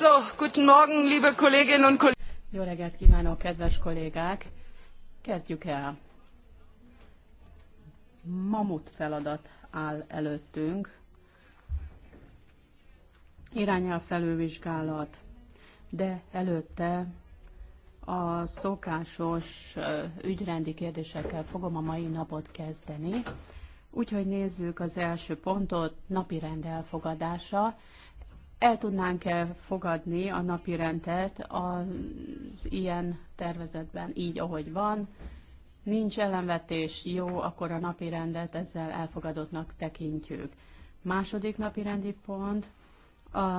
So, guten Morgen, liebe Kolleginnen und Kollegen. Jó reggelt kívánok, kedves kollégák! Kezdjük el. Mamut feladat áll előttünk. Irányel felülvizsgálat, de előtte a szokásos ügyrendi kérdésekkel fogom a mai napot kezdeni. Úgyhogy nézzük az első pontot, napi rend elfogadása el tudnánk-e fogadni a napi rendet az ilyen tervezetben, így ahogy van, nincs ellenvetés, jó, akkor a napi rendet ezzel elfogadottnak tekintjük. Második napi rendi pont a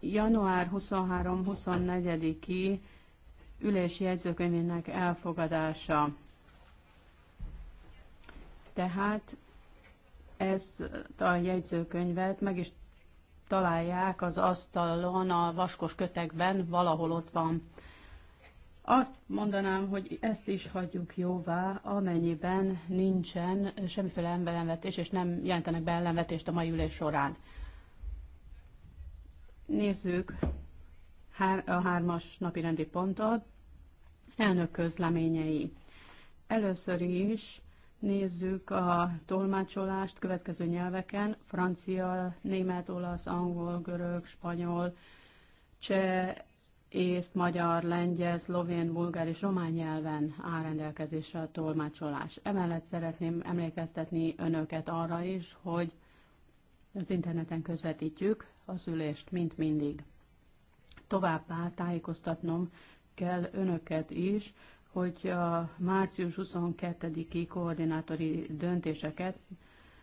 január 23-24-i ülési jegyzőkönyvének elfogadása. Tehát ezt a jegyzőkönyvet meg is találják az asztalon, a vaskos kötekben, valahol ott van. Azt mondanám, hogy ezt is hagyjuk jóvá, amennyiben nincsen semmiféle ellenvetés, és nem jelentenek be ellenvetést a mai ülés során. Nézzük a hármas napi rendi pontot. Elnök közleményei. Először is Nézzük a tolmácsolást következő nyelveken. Francia, német, olasz, angol, görög, spanyol, cseh, észt, magyar, lengyel, szlovén, bulgár és román nyelven áll rendelkezésre a tolmácsolás. Emellett szeretném emlékeztetni önöket arra is, hogy az interneten közvetítjük az ülést, mint mindig. Továbbá tájékoztatnom kell önöket is, hogy a március 22-i koordinátori döntéseket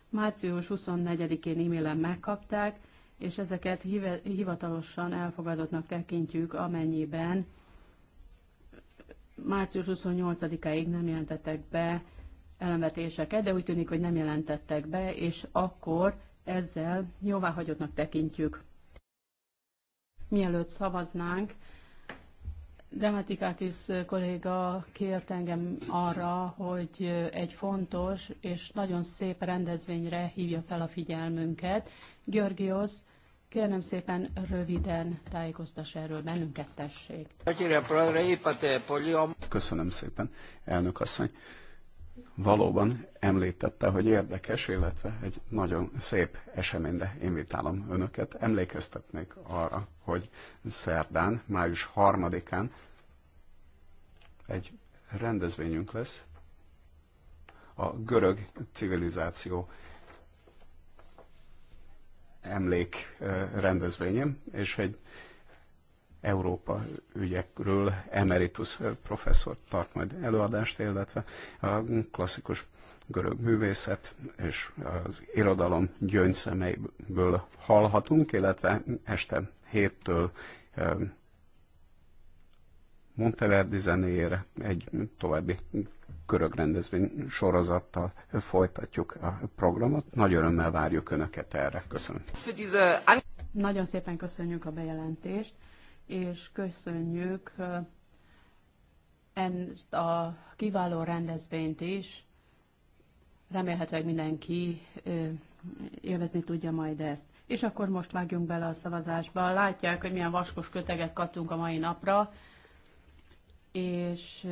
március 24-én e-mailen megkapták, és ezeket hivatalosan elfogadottnak tekintjük, amennyiben március 28-áig nem jelentettek be elemetéseket, de úgy tűnik, hogy nem jelentettek be, és akkor ezzel jóváhagyottnak tekintjük. Mielőtt szavaznánk, Dramatikakis kolléga kért engem arra, hogy egy fontos és nagyon szép rendezvényre hívja fel a figyelmünket. Györgiosz, kérem szépen röviden tájékoztass erről bennünket, tessék. Köszönöm szépen, elnök asszony valóban említette, hogy érdekes, illetve egy nagyon szép eseményre invitálom önöket. Emlékeztetnék arra, hogy szerdán, május 3-án egy rendezvényünk lesz a görög civilizáció emlék rendezvényem, és egy Európa ügyekről emeritus professzor tart majd előadást, illetve a klasszikus görög művészet és az irodalom gyöngyszemeiből hallhatunk, illetve este héttől Monteverdi zenéjére egy további görög rendezvény sorozattal folytatjuk a programot. Nagy örömmel várjuk Önöket erre. Köszönöm. Nagyon szépen köszönjük a bejelentést és köszönjük ezt a kiváló rendezvényt is. Remélhetőleg mindenki élvezni tudja majd ezt. És akkor most vágjunk bele a szavazásba. Látják, hogy milyen vaskos köteget kaptunk a mai napra, és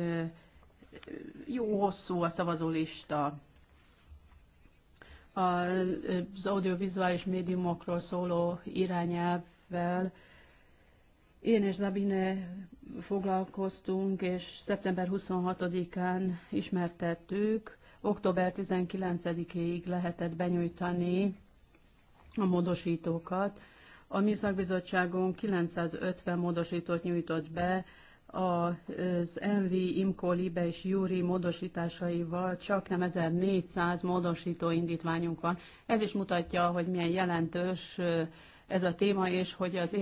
jó hosszú a szavazólista. Az audiovizuális médiumokról szóló irányelvvel én és Zabine foglalkoztunk, és szeptember 26-án ismertettük, október 19-ig lehetett benyújtani a módosítókat. A mi szakbizottságunk 950 módosítót nyújtott be, az MV, IMCO, LIBE és Júri módosításaival csak nem 1400 módosító indítványunk van. Ez is mutatja, hogy milyen jelentős ez a téma, és hogy az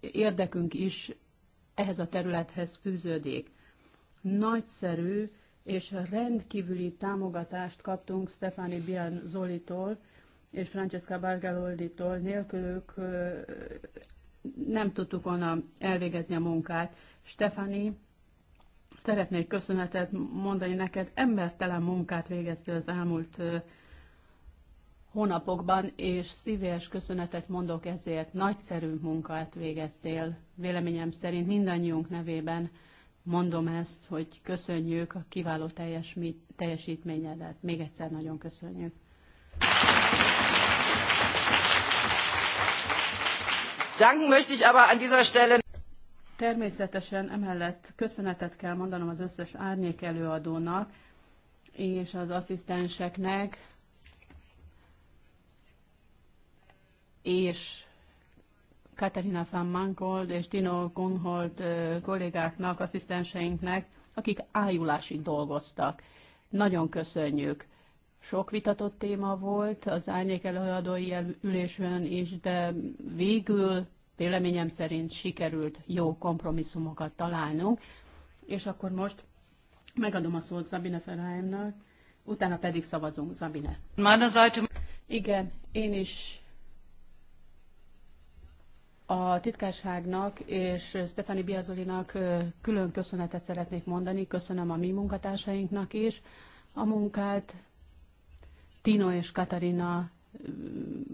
érdekünk is ehhez a területhez fűződik. Nagyszerű és rendkívüli támogatást kaptunk Stefani Bian Zolitól és Francesca Bargaloldi-tól. Nélkülük nem tudtuk volna elvégezni a munkát. Stefani, szeretnék köszönetet mondani neked, embertelen munkát végeztél az elmúlt hónapokban, és szíves köszönetet mondok ezért. Nagyszerű munkát végeztél. Véleményem szerint mindannyiunk nevében mondom ezt, hogy köszönjük a kiváló teljes, teljesítményedet. Még egyszer nagyon köszönjük. Danken möchte ich aber an dieser Stelle. Természetesen emellett köszönetet kell mondanom az összes árnyék előadónak és az asszisztenseknek, és Katarina van Mankold és Dino Gunhold kollégáknak, asszisztenseinknek, akik ájulásig dolgoztak. Nagyon köszönjük. Sok vitatott téma volt az árnyék előadói ülésön is, de végül véleményem szerint sikerült jó kompromisszumokat találnunk. És akkor most megadom a szót Zabine Ferháimnak, utána pedig szavazunk, Zabine. Igen, én is a titkárságnak és Stefani Biazolinak külön köszönetet szeretnék mondani, köszönöm a mi munkatársainknak is a munkát. Tino és Katarina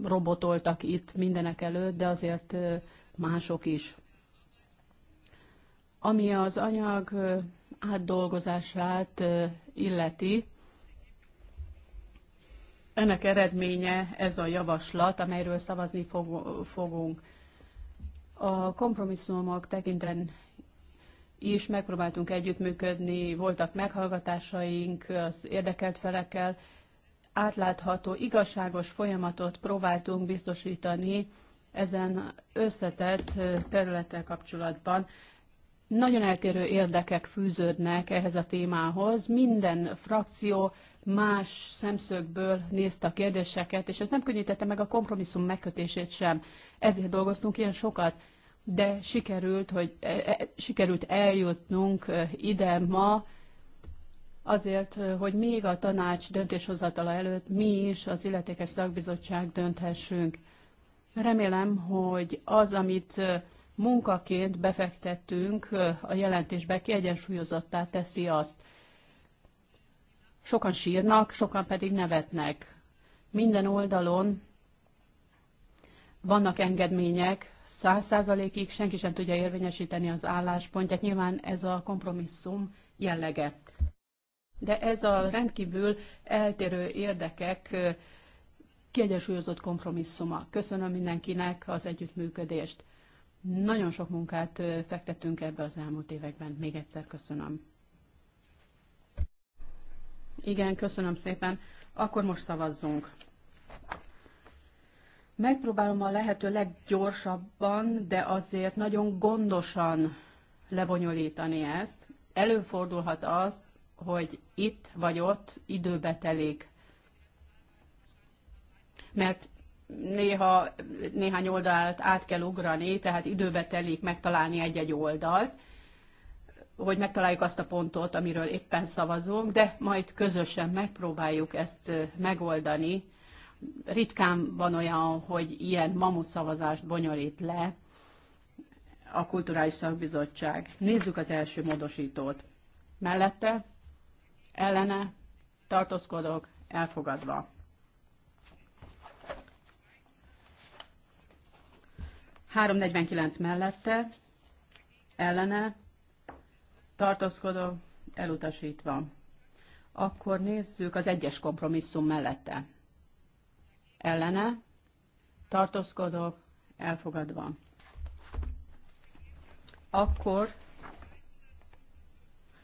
robotoltak itt mindenek előtt, de azért mások is. Ami az anyag átdolgozását illeti, ennek eredménye ez a javaslat, amelyről szavazni fogunk. A kompromisszumok tekinten is megpróbáltunk együttműködni, voltak meghallgatásaink az érdekelt felekkel, átlátható, igazságos folyamatot próbáltunk biztosítani ezen összetett területtel kapcsolatban. Nagyon eltérő érdekek fűződnek ehhez a témához. Minden frakció más szemszögből nézte a kérdéseket, és ez nem könnyítette meg a kompromisszum megkötését sem. Ezért dolgoztunk ilyen sokat de sikerült, hogy e, e sikerült eljutnunk e, ide ma, azért, e, hogy még a tanács döntéshozatala előtt mi is az illetékes szakbizottság dönthessünk. Remélem, hogy az, amit munkaként befektettünk a jelentésbe, kiegyensúlyozottá teszi azt. Sokan sírnak, sokan pedig nevetnek. Minden oldalon vannak engedmények, száz százalékig senki sem tudja érvényesíteni az álláspontját. Nyilván ez a kompromisszum jellege. De ez a rendkívül eltérő érdekek kiegyensúlyozott kompromisszuma. Köszönöm mindenkinek az együttműködést. Nagyon sok munkát fektettünk ebbe az elmúlt években. Még egyszer köszönöm. Igen, köszönöm szépen. Akkor most szavazzunk. Megpróbálom a lehető leggyorsabban, de azért nagyon gondosan lebonyolítani ezt. Előfordulhat az, hogy itt vagy ott időbe telik. Mert néha néhány oldalt át kell ugrani, tehát időbe telik megtalálni egy-egy oldalt, hogy megtaláljuk azt a pontot, amiről éppen szavazunk, de majd közösen megpróbáljuk ezt megoldani, ritkán van olyan, hogy ilyen mamut szavazást bonyolít le a Kulturális Szakbizottság. Nézzük az első módosítót. Mellette, ellene, tartózkodok, elfogadva. ...349 mellette, ellene, tartózkodó, elutasítva. Akkor nézzük az egyes kompromisszum mellette ellene, tartózkodok, elfogadva. Akkor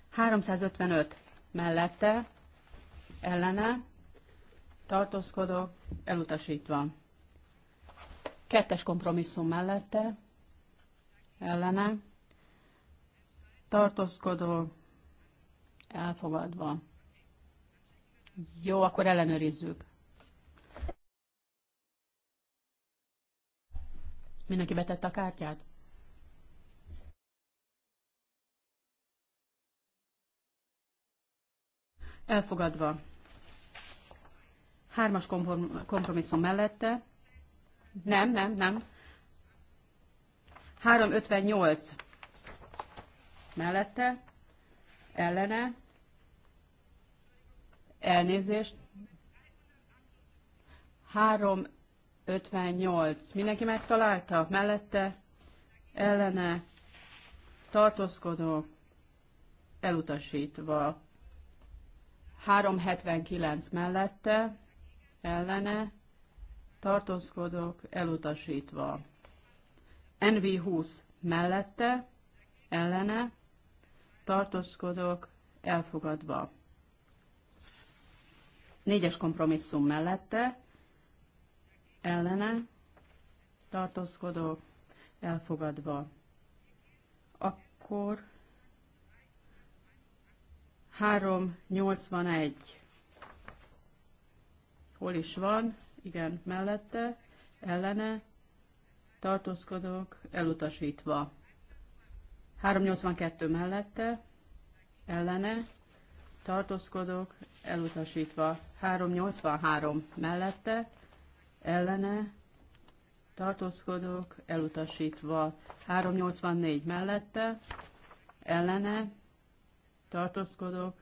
355 mellette, ellene, tartózkodok, elutasítva. Kettes kompromisszum mellette, ellene, tartózkodok, elfogadva. Jó, akkor ellenőrizzük. Mindenki betette a kártyát? Elfogadva. Hármas kompromisszum mellette. Nem, nem, nem. 358 mellette, ellene, elnézést, 3 58. Mindenki megtalálta? Mellette? Ellene? Tartózkodó? Elutasítva. 379 mellette? Ellene? Tartózkodók? Elutasítva. NV20 mellette? Ellene? Tartózkodók? Elfogadva. Négyes kompromisszum mellette? ellene tartózkodók elfogadva. Akkor 381. Hol is van? Igen, mellette, ellene, tartózkodók, elutasítva. 382 mellette, ellene, tartózkodók, elutasítva. 383 mellette, ellene tartózkodok, elutasítva 384 mellette, ellene tartózkodok,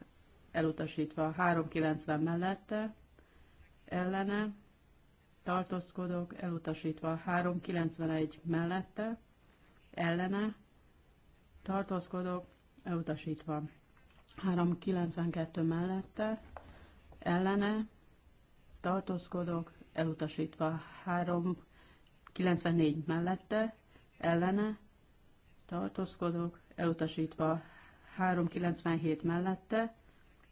elutasítva 390 mellette, ellene tartózkodok, elutasítva 391 mellette, ellene tartózkodok, elutasítva 392 mellette, ellene tartózkodok, elutasítva 394 mellette, ellene, tartózkodok, elutasítva 397 mellette,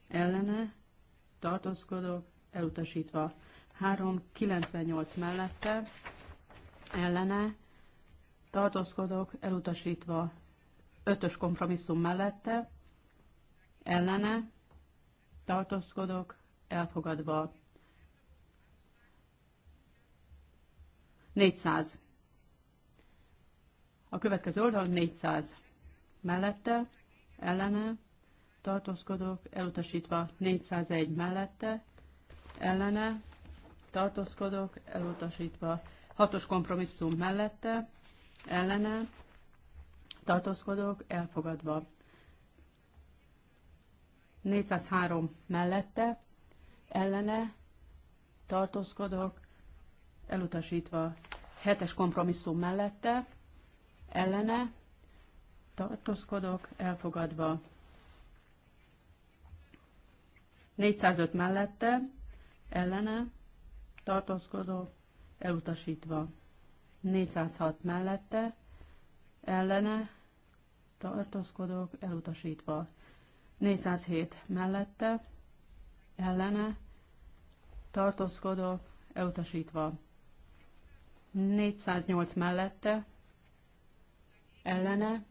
ellene, tartózkodok, elutasítva 398 mellette, ellene, tartózkodok, elutasítva 5-ös kompromisszum mellette, ellene, tartózkodok, elfogadva 400. A következő oldal 400. Mellette, ellene, tartózkodok, elutasítva 401 mellette, ellene, tartózkodok, elutasítva 6-os kompromisszum mellette, ellene, tartózkodok, elfogadva 403 mellette, ellene, tartózkodok, elutasítva hetes kompromisszum mellette, ellene, tartózkodok, elfogadva 405 mellette, ellene, tartózkodok, elutasítva 406 mellette, ellene, tartózkodok, elutasítva 407 mellette, ellene, tartózkodok, elutasítva 408 mellette, ellene,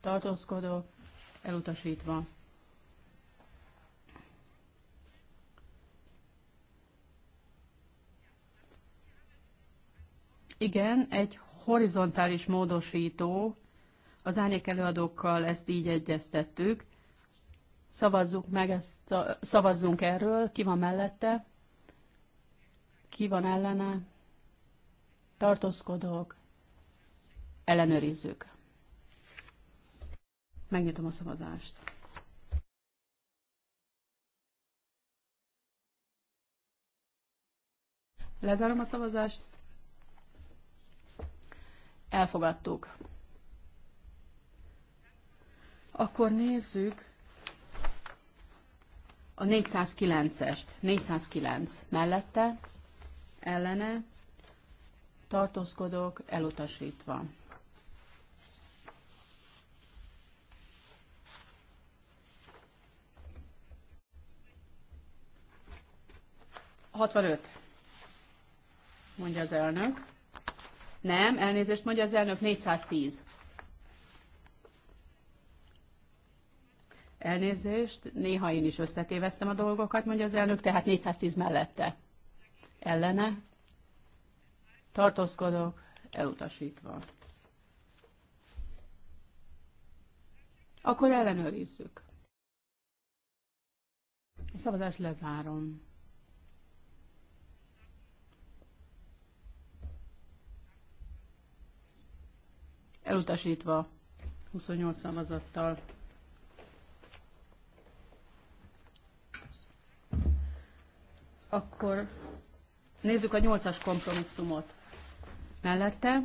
tartózkodó, elutasítva. Igen, egy horizontális módosító, az árnyék előadókkal ezt így egyeztettük. Szavazzuk meg ezt, a, szavazzunk erről, ki van mellette, ki van ellene, tartózkodok, ellenőrizzük. Megnyitom a szavazást. Lezárom a szavazást. Elfogadtuk. Akkor nézzük a 409-est. 409 mellette, ellene, tartózkodok elutasítva. Hatvanöt, mondja az elnök. Nem, elnézést mondja az elnök, 410. Elnézést, néha én is összetéveztem a dolgokat, mondja az elnök, tehát 410 mellette. Ellene tartózkodok, elutasítva. Akkor ellenőrizzük. A szavazást lezárom. Elutasítva 28 szavazattal. Akkor nézzük a 8-as kompromisszumot mellette.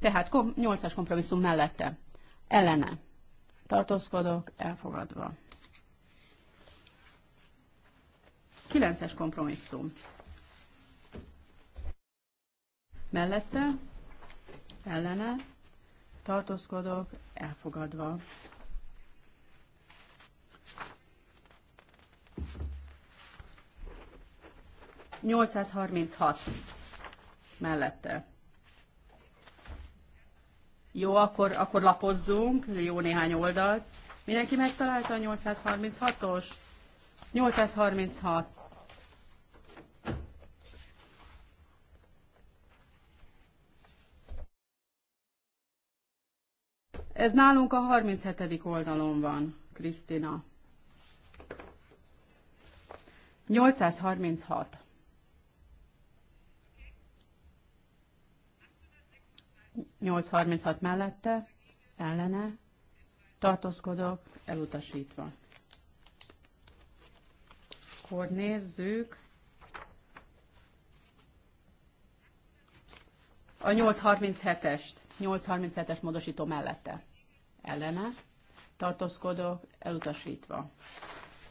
Tehát 8-as kompromisszum mellette. Ellene. Tartózkodok, elfogadva. 9-es kompromisszum. Mellette, ellene, tartózkodok, elfogadva. 836 mellette. Jó, akkor, akkor lapozzunk, jó néhány oldalt. Mindenki megtalálta a 836-os? 836. Ez nálunk a 37. oldalon van, Krisztina. 836. 836 mellette, ellene, tartózkodok, elutasítva. Akkor nézzük. A 837-est, 837-es módosító mellette. Ellene, tartózkodok, elutasítva.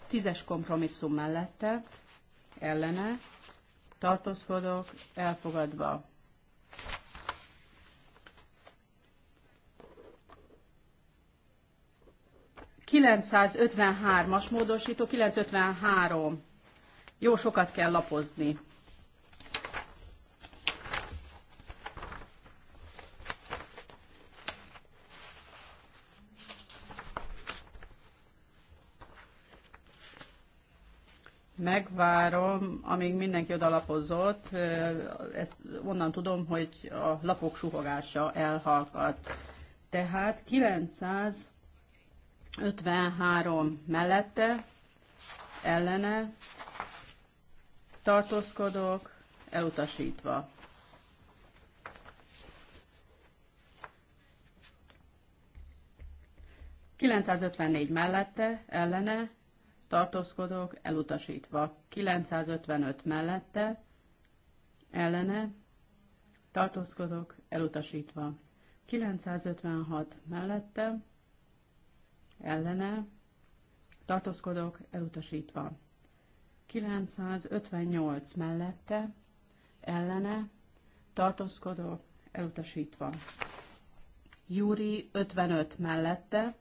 Tízes kompromisszum mellette, ellene, tartózkodok, elfogadva. 953-as módosító, 953. Jó sokat kell lapozni. Megvárom, amíg mindenki odalapozott, ezt onnan tudom, hogy a lapok suhogása elhalkadt. Tehát 900 53 mellette, ellene, tartózkodok, elutasítva. Kilencszázötvennégy mellette, ellene, tartózkodok, elutasítva. 955 mellette, ellene, tartózkodok, elutasítva. 956 mellette, ellene tartózkodok elutasítva. 958 mellette ellene tartózkodok elutasítva. Júri 55 mellette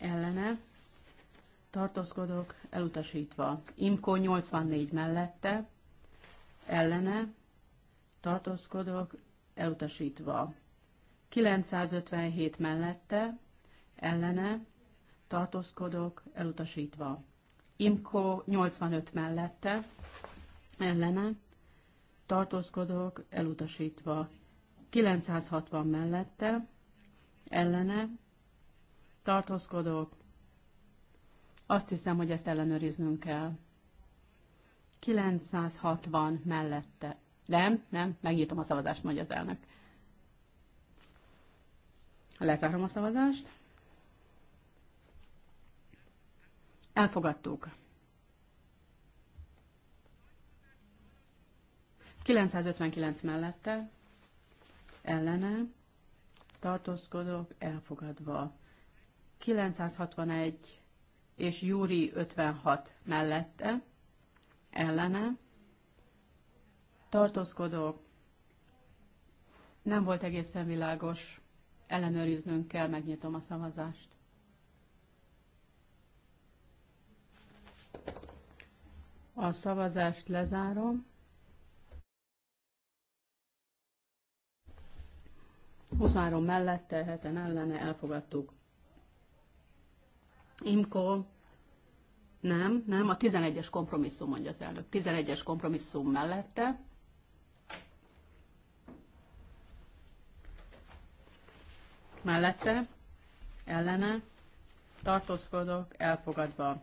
ellene tartózkodok elutasítva. Imko 84 mellette ellene tartózkodok elutasítva. 957 mellette ellene tartózkodok, elutasítva. Imko 85 mellette, ellene, tartózkodok, elutasítva. 960 mellette, ellene, tartózkodok, azt hiszem, hogy ezt ellenőriznünk kell. 960 mellette. Nem, nem, megnyitom a szavazást, mondja az elnök. Lezárom a szavazást. Elfogadtuk. 959 mellette, ellene, tartózkodok, elfogadva. 961 és Júri 56 mellette, ellene, tartózkodok, nem volt egészen világos, ellenőriznünk kell, megnyitom a szavazást. A szavazást lezárom. 23 mellette, heten ellene elfogadtuk. Imko, nem, nem, a 11-es kompromisszum mondja az elnök. 11-es kompromisszum mellette. Mellette, ellene, tartózkodok, elfogadva.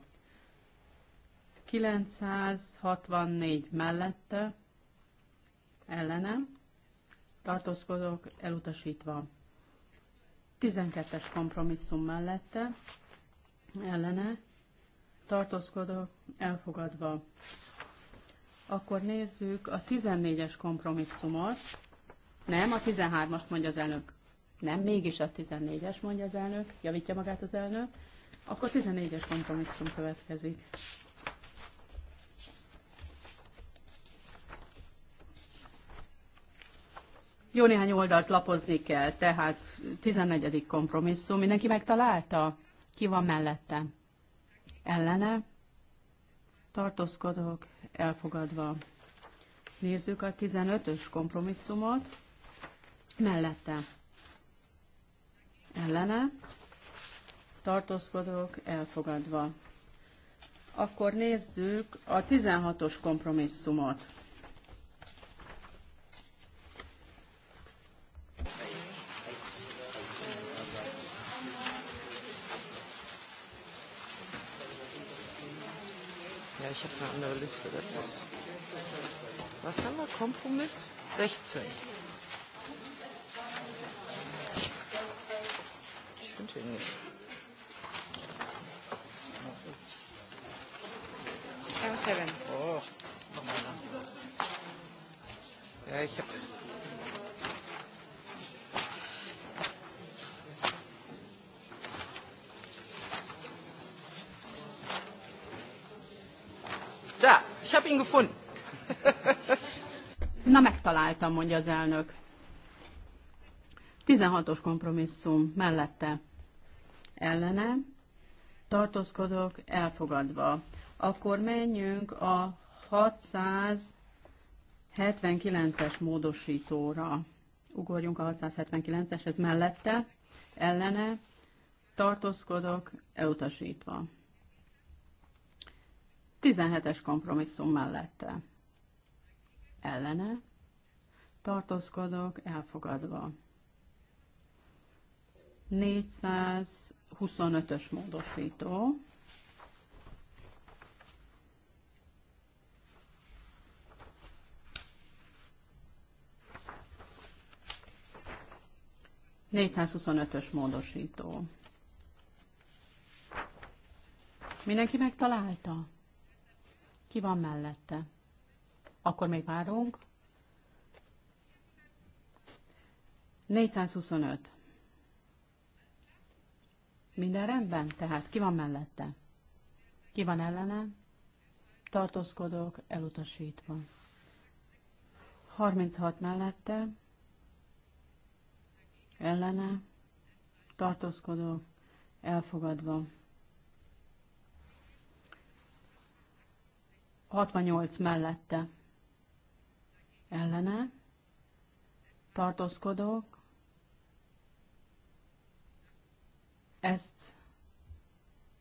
964 mellette ellenem tartózkodok elutasítva. 12-es kompromisszum mellette ellene tartózkodok elfogadva. Akkor nézzük a 14-es kompromisszumot. Nem, a 13-ast mondja az elnök. Nem, mégis a 14-es mondja az elnök, javítja magát az elnök. Akkor 14-es kompromisszum következik. Jó néhány oldalt lapozni kell, tehát 14. kompromisszum. Mindenki megtalálta? Ki van mellette? Ellene? Tartózkodok, elfogadva. Nézzük a 15-ös kompromisszumot. Mellette. Ellene. Tartózkodok, elfogadva. Akkor nézzük a 16-os kompromisszumot. ich habe eine andere Liste. Das ist. Was haben wir? Kompromiss 16. Ich finde ihn nicht. Oh. Ja, ich habe. mikrofon? Na, megtaláltam, mondja az elnök. 16-os kompromisszum mellette ellene tartózkodok elfogadva. Akkor menjünk a 679-es módosítóra. Ugorjunk a 679-es, ez mellette, ellene, tartózkodok, elutasítva. 17-es kompromisszum mellette. Ellene. Tartózkodok, elfogadva. 425-ös módosító. huszonötös módosító. Mindenki megtalálta? Ki van mellette? Akkor még várunk. 425. Minden rendben? Tehát ki van mellette? Ki van ellene? Tartózkodok, elutasítva. 36 mellette, ellene, tartózkodok, elfogadva. 68 mellette ellene tartózkodok. Ezt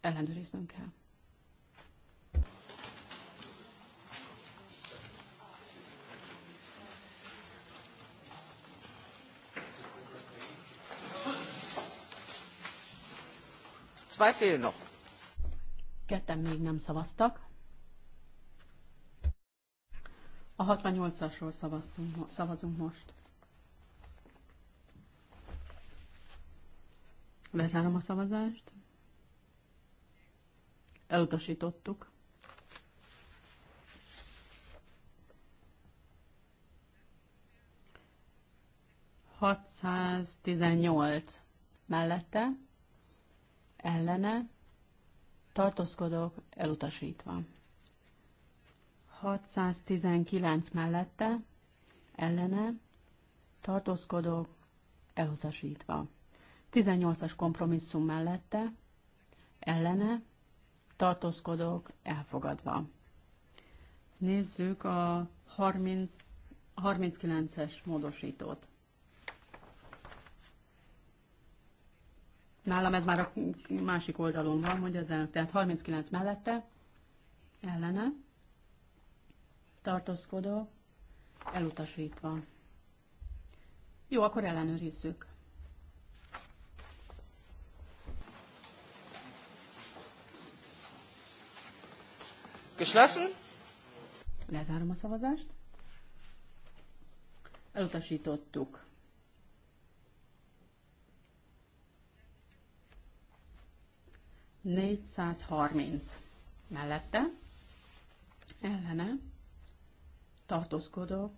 ellenőriznünk kell. Zwei Ketten még nem szavaztak. A 68-asról szavazunk most. Lezárom a szavazást. Elutasítottuk. Hatszáztizennyolc mellette, ellene, tartózkodok, elutasítva. 619 mellette, ellene, tartózkodók, elutasítva. 18-as kompromisszum mellette, ellene, tartózkodók, elfogadva. Nézzük a 30, 39-es módosítót. Nálam ez már a másik oldalon van, mondja az elnök. Tehát 39 mellette, ellene, tartózkodó, elutasítva. Jó, akkor ellenőrizzük. Geschlossen? Lezárom a szavazást. Elutasítottuk. Négyszázharminc mellette, ellene, tartózkodó,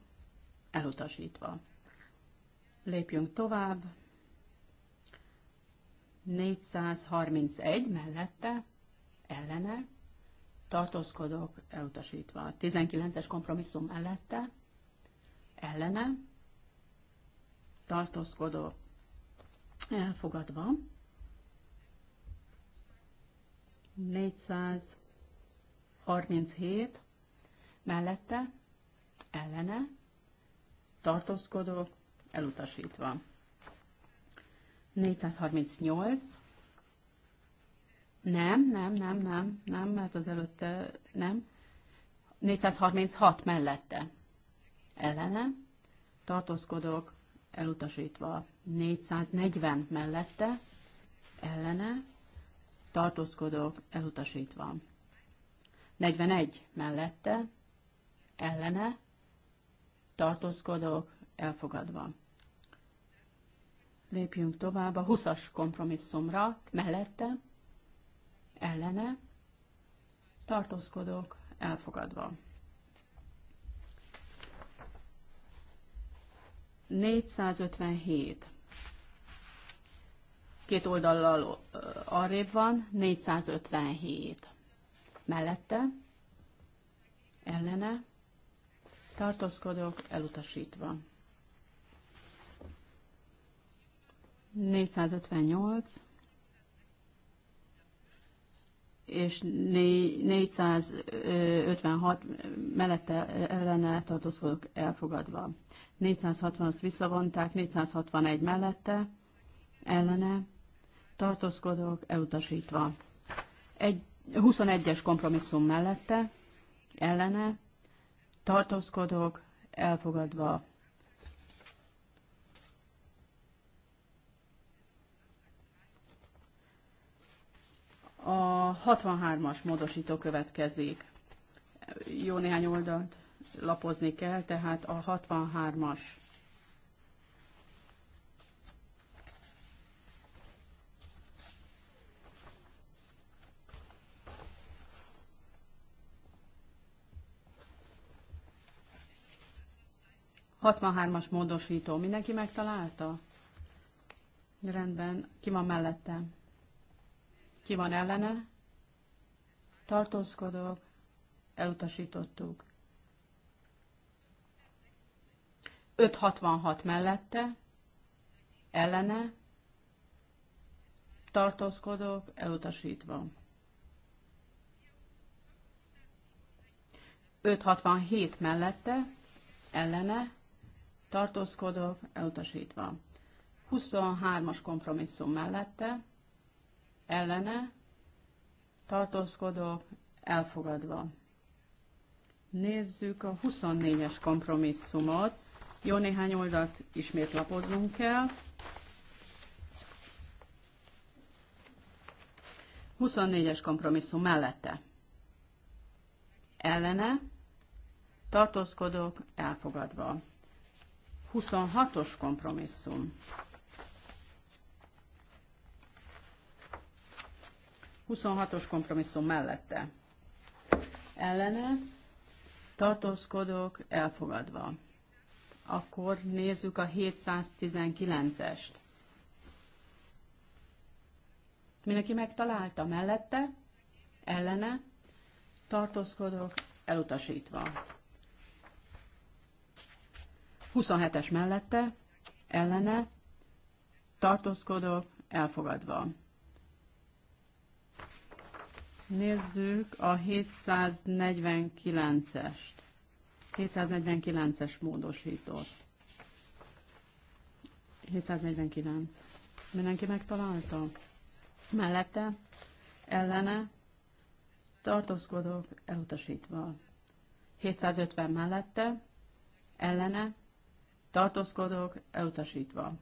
elutasítva. Lépjünk tovább. 431 mellette, ellene, tartózkodók elutasítva. 19-es kompromisszum mellette, ellene, tartózkodó elfogadva. 437 mellette, ellene, tartózkodók, elutasítva. 438, nem, nem, nem, nem, nem, mert az előtte nem, 436 mellette, ellene, tartózkodok, elutasítva. 440 mellette, ellene, tartózkodok, elutasítva. 41 mellette, ellene, tartózkodók elfogadva. Lépjünk tovább a 20-as kompromisszumra, mellette, ellene, tartózkodók elfogadva. 457. Két oldallal arrébb van, 457. Mellette, ellene, tartózkodok, elutasítva. 458 és 456 mellette ellene tartózkodok elfogadva. 460 t visszavonták, 461 mellette ellene tartózkodok elutasítva. Egy, 21-es kompromisszum mellette ellene tartózkodok, elfogadva. A 63-as módosító következik. Jó néhány oldalt lapozni kell, tehát a 63-as 63-as módosító. Mindenki megtalálta? Rendben. Ki van mellette? Ki van ellene? Tartózkodok. Elutasítottuk. 566 mellette, ellene, tartózkodok, elutasítva. 567 mellette, ellene, tartózkodok, elutasítva. 23-as kompromisszum mellette, ellene, tartózkodok, elfogadva. Nézzük a 24-es kompromisszumot. Jó néhány oldalt ismét lapozunk el. 24-es kompromisszum mellette. Ellene, tartózkodok, elfogadva. 26-os kompromisszum. 26-os kompromisszum mellette. Ellene tartózkodok elfogadva. Akkor nézzük a 719-est. Mindenki megtalálta mellette, ellene tartózkodok elutasítva. 27-es mellette, ellene, tartózkodok, elfogadva. Nézzük a 749-est. 749-es módosítót. 749. Mindenki megtalálta? Mellette, ellene, tartózkodok, elutasítva. 750 mellette, ellene, tartózkodók elutasítva.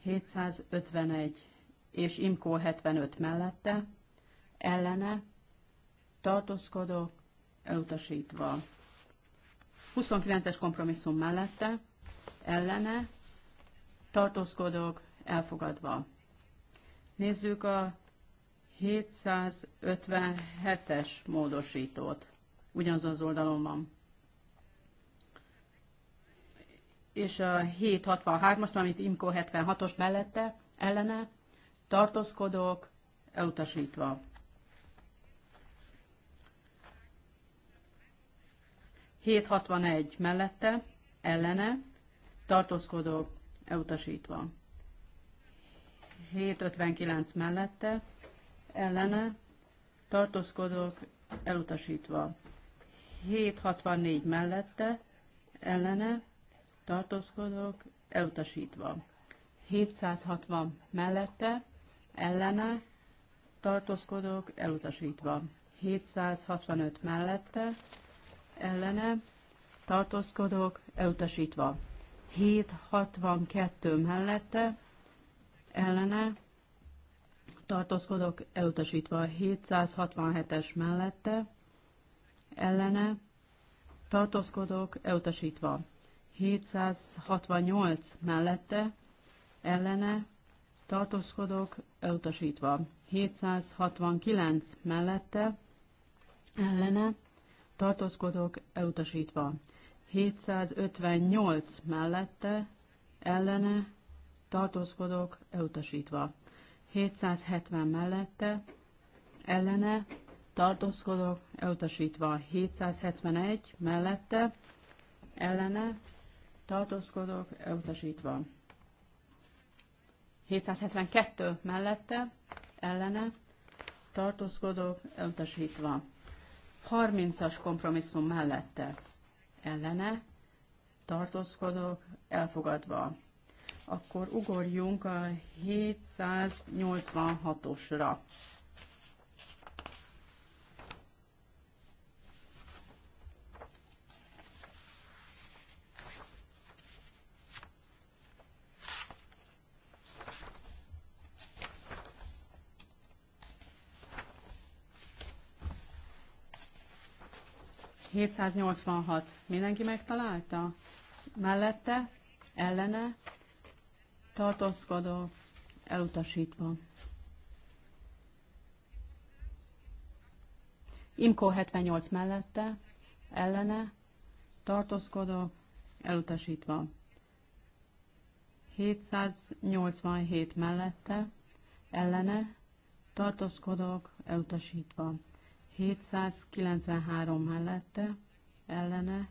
751 és Imkó 75 mellette, ellene, tartózkodók elutasítva. 29-es kompromisszum mellette, ellene, tartózkodók elfogadva. Nézzük a 757-es módosítót. Ugyanazon az oldalon van. és a 763, most amit IMCO 76-os mellette ellene tartózkodók elutasítva. 761 mellette ellene tartózkodók elutasítva. 759 mellette ellene tartózkodók elutasítva. 764 mellette ellene tartózkodok, elutasítva. 760 mellette, ellene, tartózkodok, elutasítva. 765 mellette, ellene, tartózkodok, elutasítva. 762 mellette, ellene, tartózkodok, elutasítva. 767-es mellette, ellene, tartózkodok, elutasítva. 768 mellette ellene tartózkodok elutasítva. 769 mellette ellene tartózkodok elutasítva. 758 mellette ellene tartózkodok elutasítva. 770 mellette ellene tartózkodok elutasítva. 771 mellette ellene tartózkodok, elutasítva. 772 mellette, ellene, tartózkodok, elutasítva. 30-as kompromisszum mellette, ellene, tartózkodok, elfogadva. Akkor ugorjunk a 786-osra. 786. Mindenki megtalálta? Mellette? Ellene? Tartózkodó? Elutasítva. Imkó 78 mellette? Ellene? Tartózkodó? Elutasítva. 787 mellette? Ellene? Tartózkodók? Elutasítva. 793 mellette ellene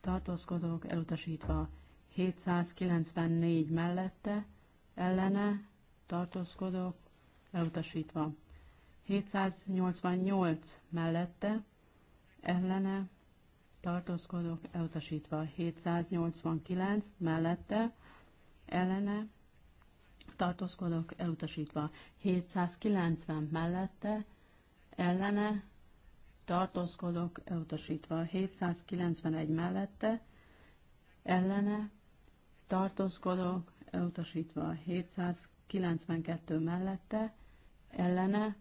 tartózkodók elutasítva. 794 mellette ellene tartózkodók elutasítva. 788 mellette ellene tartózkodók elutasítva. 789 mellette ellene tartózkodók elutasítva. 790 mellette ellene tartózkodok, elutasítva 791 mellette, ellene, tartózkodok, elutasítva 792 mellette, ellene,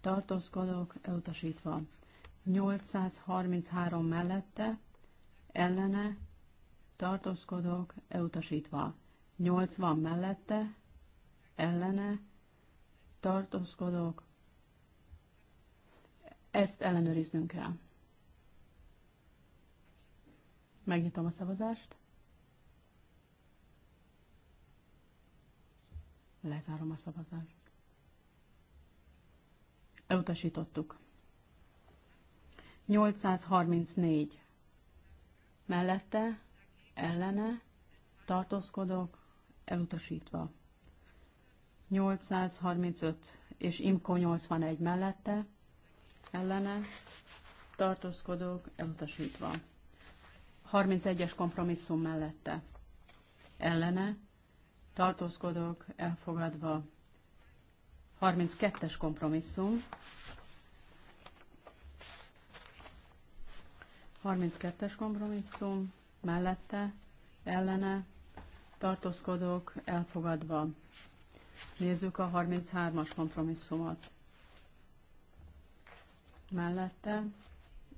tartózkodok, elutasítva 833 mellette, ellene, tartózkodok, elutasítva 80 mellette, ellene, tartózkodok, ezt ellenőriznünk kell. Megnyitom a szavazást. Lezárom a szavazást. Elutasítottuk. 834. Mellette, ellene, tartózkodok, elutasítva. 835 és Imko 81 mellette, ellene tartózkodók elutasítva. 31-es kompromisszum mellette ellene tartózkodók elfogadva. 32-es kompromisszum 32-es kompromisszum mellette ellene tartózkodók elfogadva. Nézzük a 33-as kompromisszumot mellette,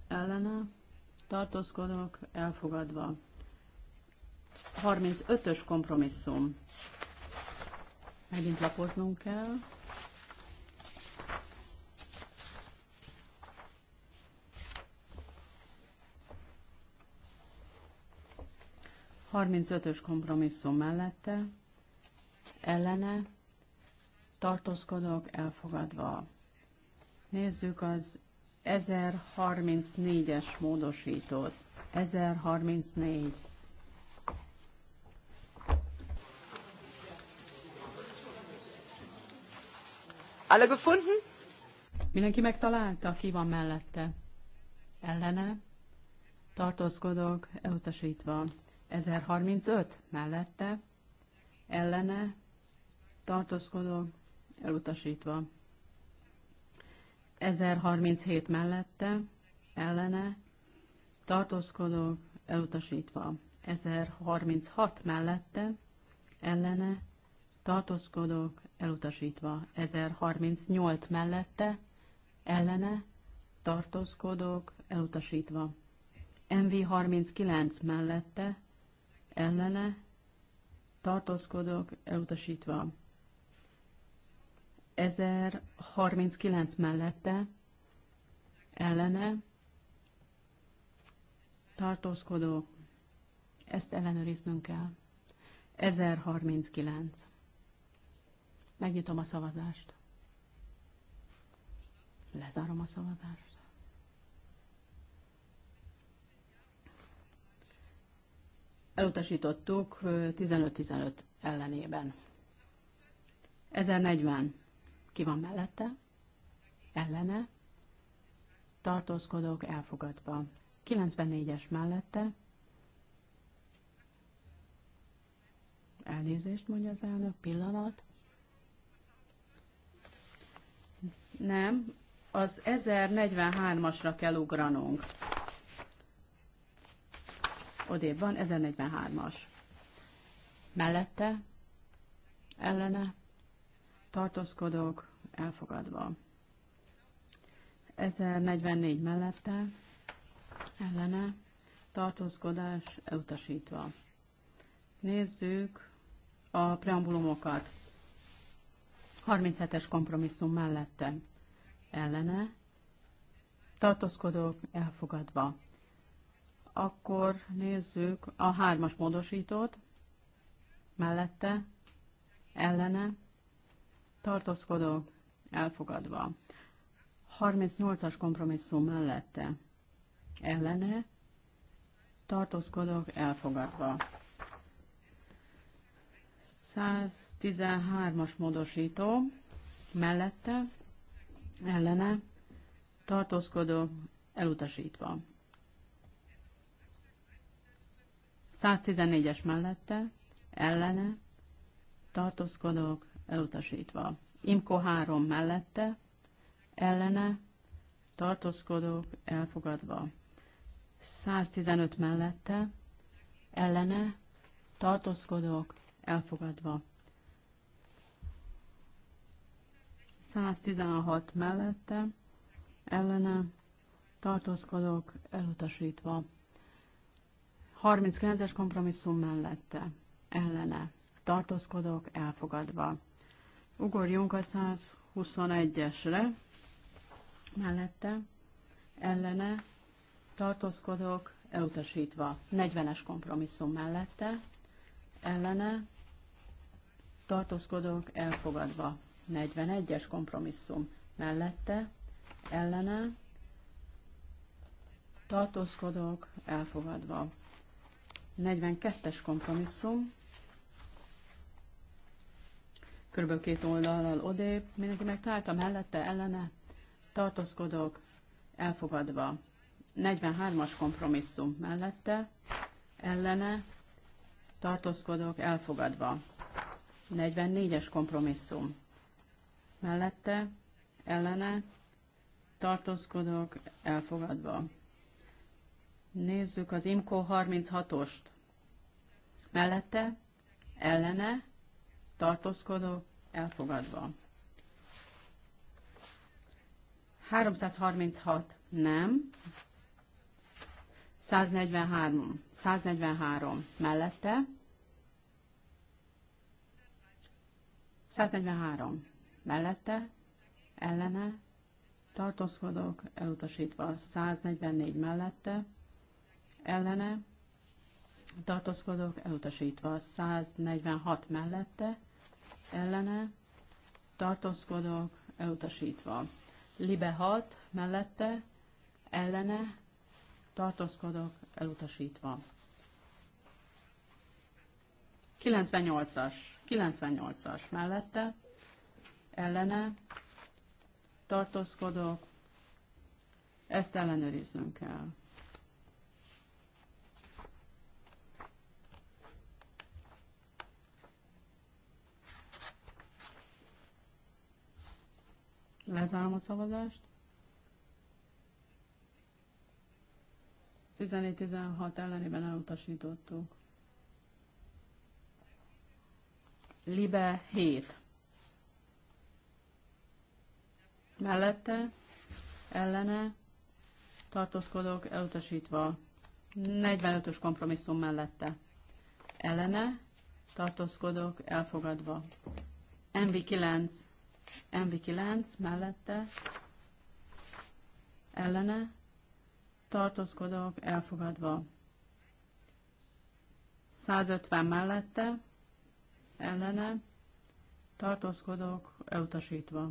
ellene, tartózkodok, elfogadva. 35-ös kompromisszum. Megint lapoznunk kell. Harmincötös kompromisszum mellette, ellene, tartózkodok, elfogadva. Nézzük az 1034-es módosítót. 1034. Alle gefunden? Mindenki megtalálta, ki van mellette. Ellene, tartózkodok, elutasítva. 1035 mellette, ellene, tartózkodok, elutasítva. 1037 mellette, ellene, tartózkodók elutasítva. 1036 mellette, ellene, tartózkodók elutasítva. 1038 mellette, ellene, tartózkodók elutasítva. MV 39 mellette, ellene, tartózkodók elutasítva. 1039 mellette ellene tartózkodó, ezt ellenőriznünk kell. 1039. Megnyitom a szavazást. Lezárom a szavazást. Elutasítottuk 15-15 ellenében. 1040. Ki van mellette? Ellene? tartózkodok elfogadva. 94-es mellette. Elnézést mondja az elnök, pillanat. Nem, az 1043-asra kell ugranunk. Odébb van, 1043-as. Mellette, ellene, tartózkodok elfogadva. 1044 mellette ellene tartózkodás elutasítva. Nézzük a preambulumokat. 37-es kompromisszum mellette ellene tartózkodok elfogadva. Akkor nézzük a hármas módosítót mellette ellene tartózkodó, elfogadva. 38-as kompromisszum mellette ellene tartózkodok, elfogadva. 113-as módosító mellette ellene tartózkodó elutasítva. 114-es mellette ellene tartózkodok, elutasítva. Imko három mellette, ellene, tartózkodók elfogadva. 115 mellette, ellene, tartózkodók elfogadva. 116 mellette, ellene, tartózkodók elutasítva. 39-es kompromisszum mellette, ellene, tartózkodók elfogadva. Ugorjunk a 121-esre, mellette, ellene, tartózkodok, elutasítva. 40-es kompromisszum mellette, ellene, tartózkodok, elfogadva. 41-es kompromisszum mellette, ellene, tartózkodok, elfogadva. 42-es kompromisszum kb. két oldalal odébb, mindenki megtalálta mellette, ellene, tartózkodok, elfogadva. 43-as kompromisszum mellette, ellene, tartózkodok, elfogadva. 44-es kompromisszum mellette, ellene, tartózkodok, elfogadva. Nézzük az IMCO 36-ost. Mellette, ellene, tartózkodó, elfogadva. 336 nem, 143, 143 mellette, 143 mellette, ellene, tartózkodok, elutasítva 144 mellette, ellene, tartózkodok, elutasítva 146 mellette, ellene, tartózkodok, elutasítva. Libe 6, mellette, ellene, tartózkodok, elutasítva. 98-as, 98-as mellette, ellene, tartózkodok, ezt ellenőriznünk kell. Lezárom a szavazást. 14-16 ellenében elutasítottuk. Libe 7. Mellette, ellene, tartózkodok, elutasítva. 45-ös kompromisszum mellette. Ellene, tartózkodok, elfogadva. MB 9 mb 9 mellette ellene tartózkodók elfogadva. 150 mellette ellene tartózkodók elutasítva.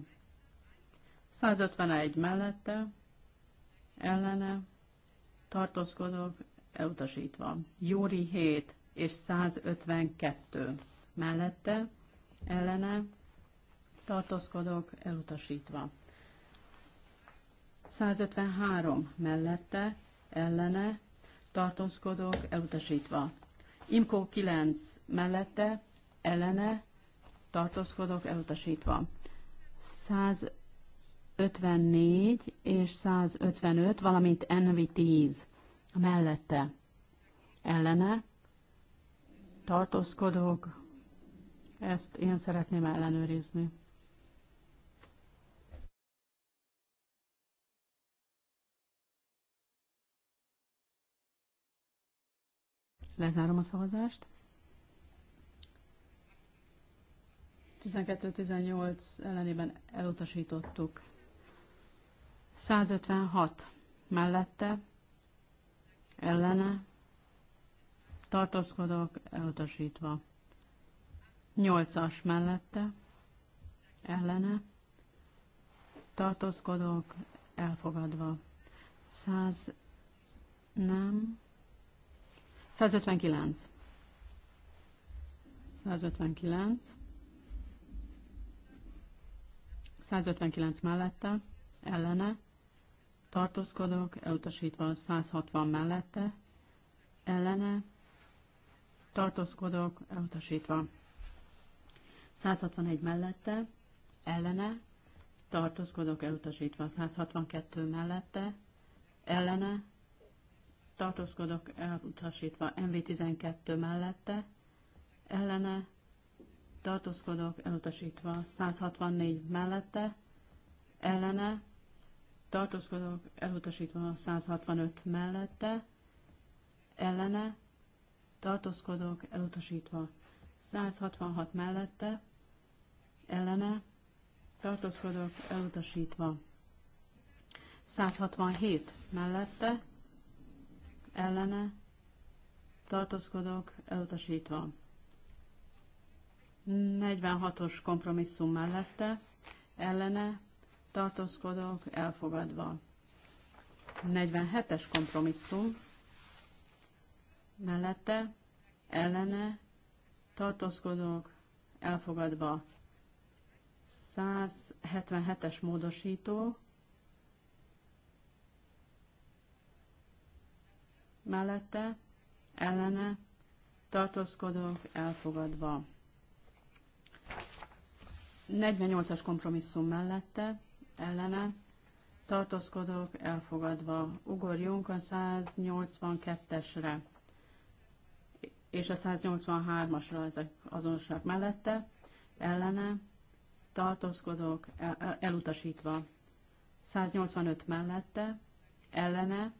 151 mellette ellene tartózkodók elutasítva. Júri 7 és 152 mellette ellene tartózkodok, elutasítva. 153 mellette, ellene, tartózkodok, elutasítva. Imkó 9 mellette, ellene, tartózkodok, elutasítva. 154 és 155, valamint Envi 10 mellette, ellene, tartózkodok, ezt én szeretném ellenőrizni. Lezárom a szavazást. 12-18 ellenében elutasítottuk. 156 mellette, ellene, tartózkodok, elutasítva. 8-as mellette, ellene, tartózkodok, elfogadva. 100 nem, 159. 159. 159 mellette, ellene, tartózkodok, elutasítva 160 mellette, ellene, tartózkodok, elutasítva 161 mellette, ellene, tartózkodok, elutasítva 162 mellette, ellene, tartózkodok elutasítva, MV12 mellette, ellene, tartózkodok elutasítva, 164 mellette, ellene, tartózkodok elutasítva, 165 mellette, ellene, tartózkodok elutasítva, 166 mellette, ellene, tartózkodok elutasítva, 167 mellette, ellene tartózkodok elutasítva. 46-os kompromisszum mellette ellene tartózkodok elfogadva. 47-es kompromisszum mellette ellene tartózkodok elfogadva. 177-es módosító mellette, ellene, tartózkodok, elfogadva. 48-as kompromisszum mellette, ellene, tartózkodok, elfogadva. Ugorjunk a 182-esre és a 183-asra ezek azonosak mellette, ellene, tartózkodók el, elutasítva. 185 mellette, ellene,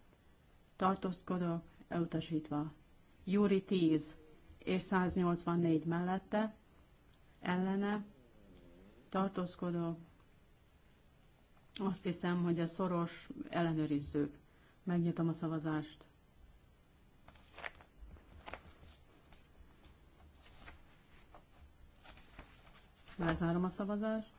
tartózkodok, elutasítva. Júri 10 és 184 mellette, ellene, tartózkodok, azt hiszem, hogy a szoros ellenőrizzük. Megnyitom a szavazást. Lezárom a szavazást.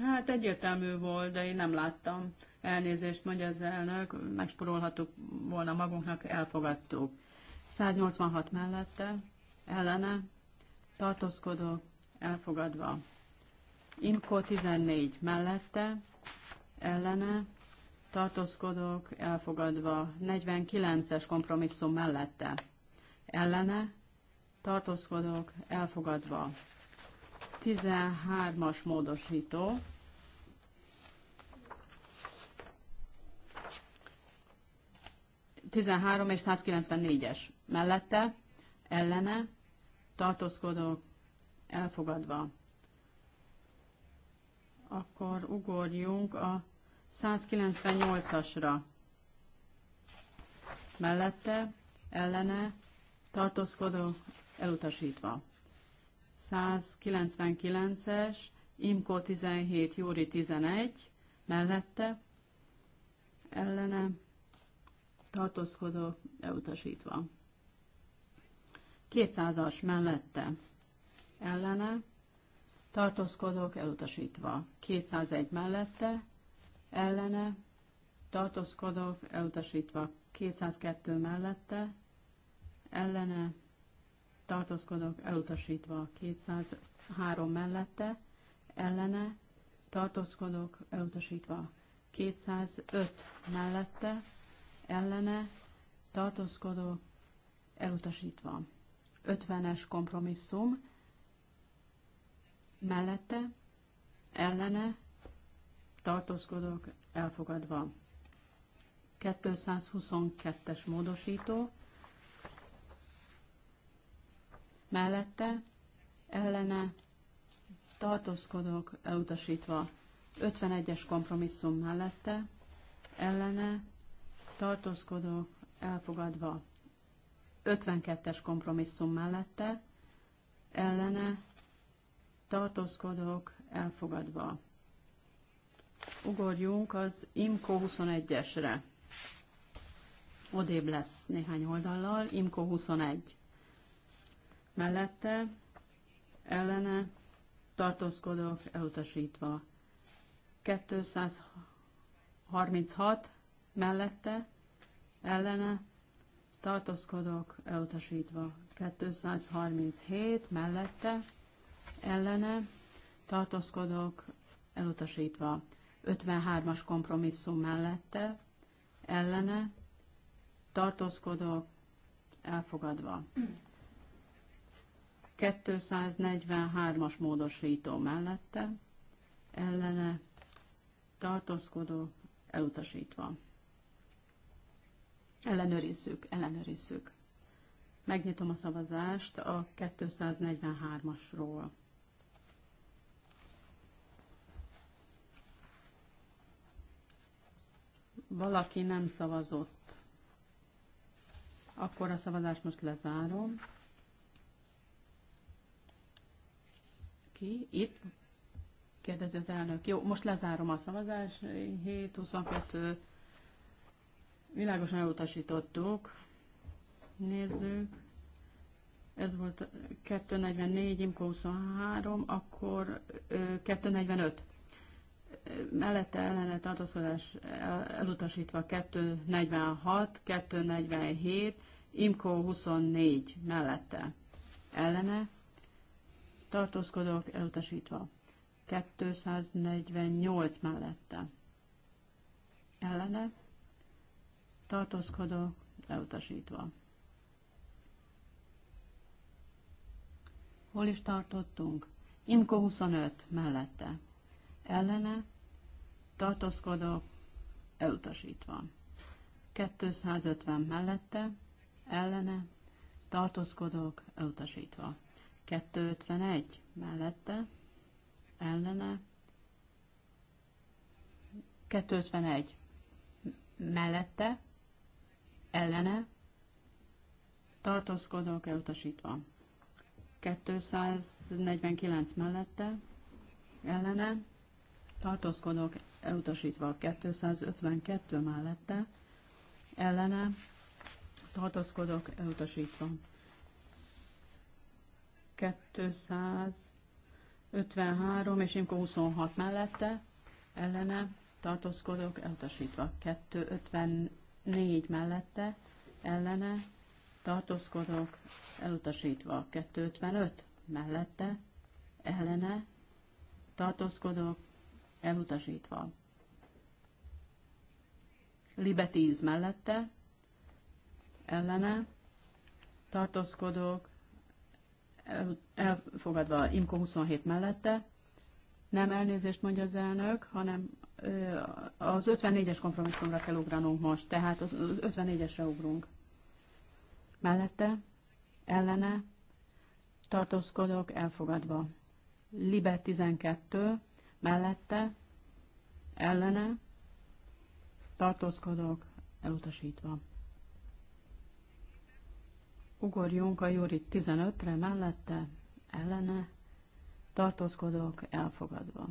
Hát egyértelmű volt, de én nem láttam. Elnézést mondja az elnök, megsporolhattuk volna magunknak, elfogadtuk. 186 mellette, ellene, tartózkodó, elfogadva. Imko 14 mellette, ellene, tartózkodók, elfogadva. 49-es kompromisszum mellette, ellene, tartózkodók, elfogadva. 13-as módosító 13 és 194-es mellette, ellene, tartózkodók elfogadva. Akkor ugorjunk a 198-asra. Mellette, ellene, tartózkodó, elutasítva. 199-es, Imko 17, Júri 11, mellette, ellene, tartózkodó elutasítva. 200-as mellette ellene tartózkodók elutasítva. 201 mellette ellene tartózkodók elutasítva. 202 mellette ellene tartózkodók elutasítva. 203 mellette ellene tartózkodók elutasítva. 205 mellette ellene tartózkodó elutasítva. 50-es kompromisszum mellette ellene tartózkodók elfogadva. 222-es módosító mellette ellene tartózkodók elutasítva. 51-es kompromisszum mellette ellene tartózkodó elfogadva 52-es kompromisszum mellette, ellene tartózkodók elfogadva. Ugorjunk az IMCO 21-esre. Odébb lesz néhány oldallal, IMCO 21. Mellette, ellene tartózkodók elutasítva. 236 mellette, ellene, tartózkodok, elutasítva. 237 mellette, ellene, tartózkodok, elutasítva. 53-as kompromisszum mellette, ellene, tartózkodok, elfogadva. 243-as módosító mellette, ellene, tartózkodó, elutasítva. Ellenőrizzük, ellenőrizzük. Megnyitom a szavazást a 243-asról. Valaki nem szavazott. Akkor a szavazást most lezárom. Ki? Itt? Kérdezi az elnök. Jó, most lezárom a szavazást. 7, 22, Világosan elutasítottuk. Nézzük. Ez volt 244, Imko 23, akkor 245. Mellette ellene tartózkodás elutasítva 246, 247, Imko 24 mellette. Ellene tartózkodók elutasítva. 248 mellette. Ellene tartózkodók elutasítva. Hol is tartottunk? Imko 25 mellette. Ellene tartózkodók elutasítva. 250 mellette, ellene tartózkodók elutasítva. 251 mellette, ellene 251 mellette, ellene tartózkodók elutasítva. 249 mellette ellene tartózkodók elutasítva. 252 mellette ellene tartózkodók elutasítva. 253 és Imko 26 mellette ellene tartózkodók elutasítva. 250 négy mellette, ellene, tartózkodok, elutasítva 255 mellette, ellene, tartózkodok, elutasítva. Libe 10 mellette, ellene, tartózkodok, el, elfogadva Imko 27 mellette, nem elnézést mondja az elnök, hanem az 54-es kompromisszumra kell ugranunk most, tehát az 54-esre ugrunk. Mellette, ellene, tartózkodok, elfogadva. Libe 12, mellette, ellene, tartózkodok, elutasítva. Ugorjunk a Júri 15-re, mellette, ellene, tartózkodok elfogadva.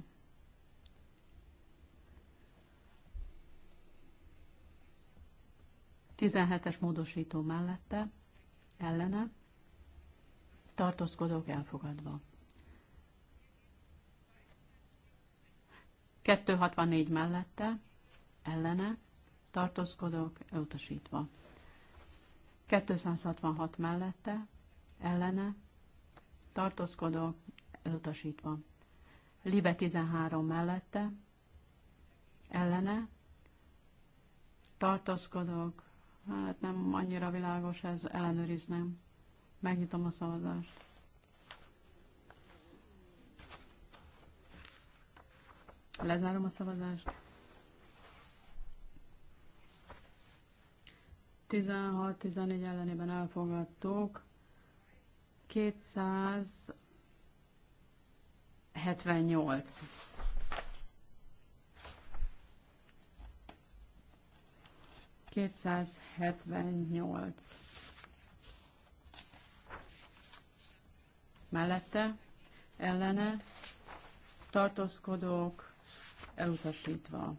Tizenhetes módosító mellette, ellene, tartózkodok elfogadva. 264 mellette, ellene, tartózkodok elutasítva. 266 mellette, ellene, tartózkodok elutasítva. Libe 13 mellette, ellene, tartózkodok, hát nem annyira világos ez, ellenőriznem. Megnyitom a szavazást. Lezárom a szavazást. 16-14 ellenében elfogadtuk. 200 78. Kétszázhetvennyolc. Mellette, ellene, tartózkodók, elutasítva.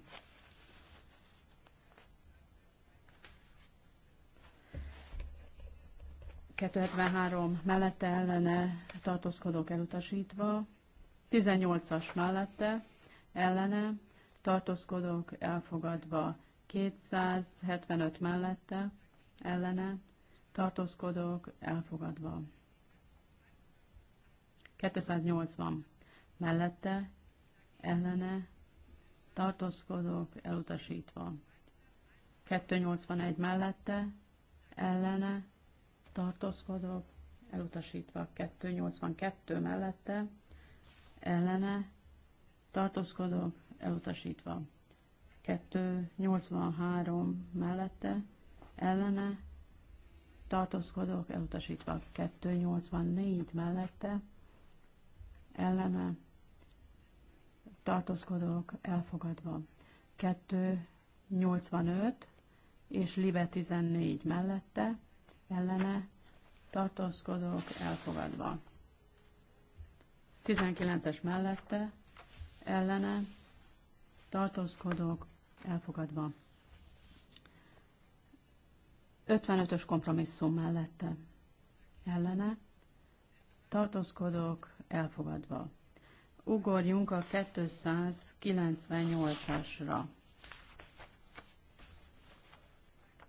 Kettőhetvenhárom mellette ellene tartózkodók elutasítva. 18-as mellette ellene tartózkodok elfogadva 275 mellette ellene tartózkodok elfogadva 280 mellette ellene tartózkodok elutasítva 281 mellette ellene tartózkodok elutasítva 282 mellette ellene tartózkodok, elutasítva. 283 mellette ellene tartózkodok, elutasítva. 284 mellette ellene tartózkodok, elfogadva. 285 és Libe 14 mellette ellene tartózkodok, elfogadva. 19-es mellette, ellene, tartózkodók, elfogadva. 55-ös kompromisszum mellette, ellene, tartózkodók, elfogadva. Ugorjunk a 298-asra.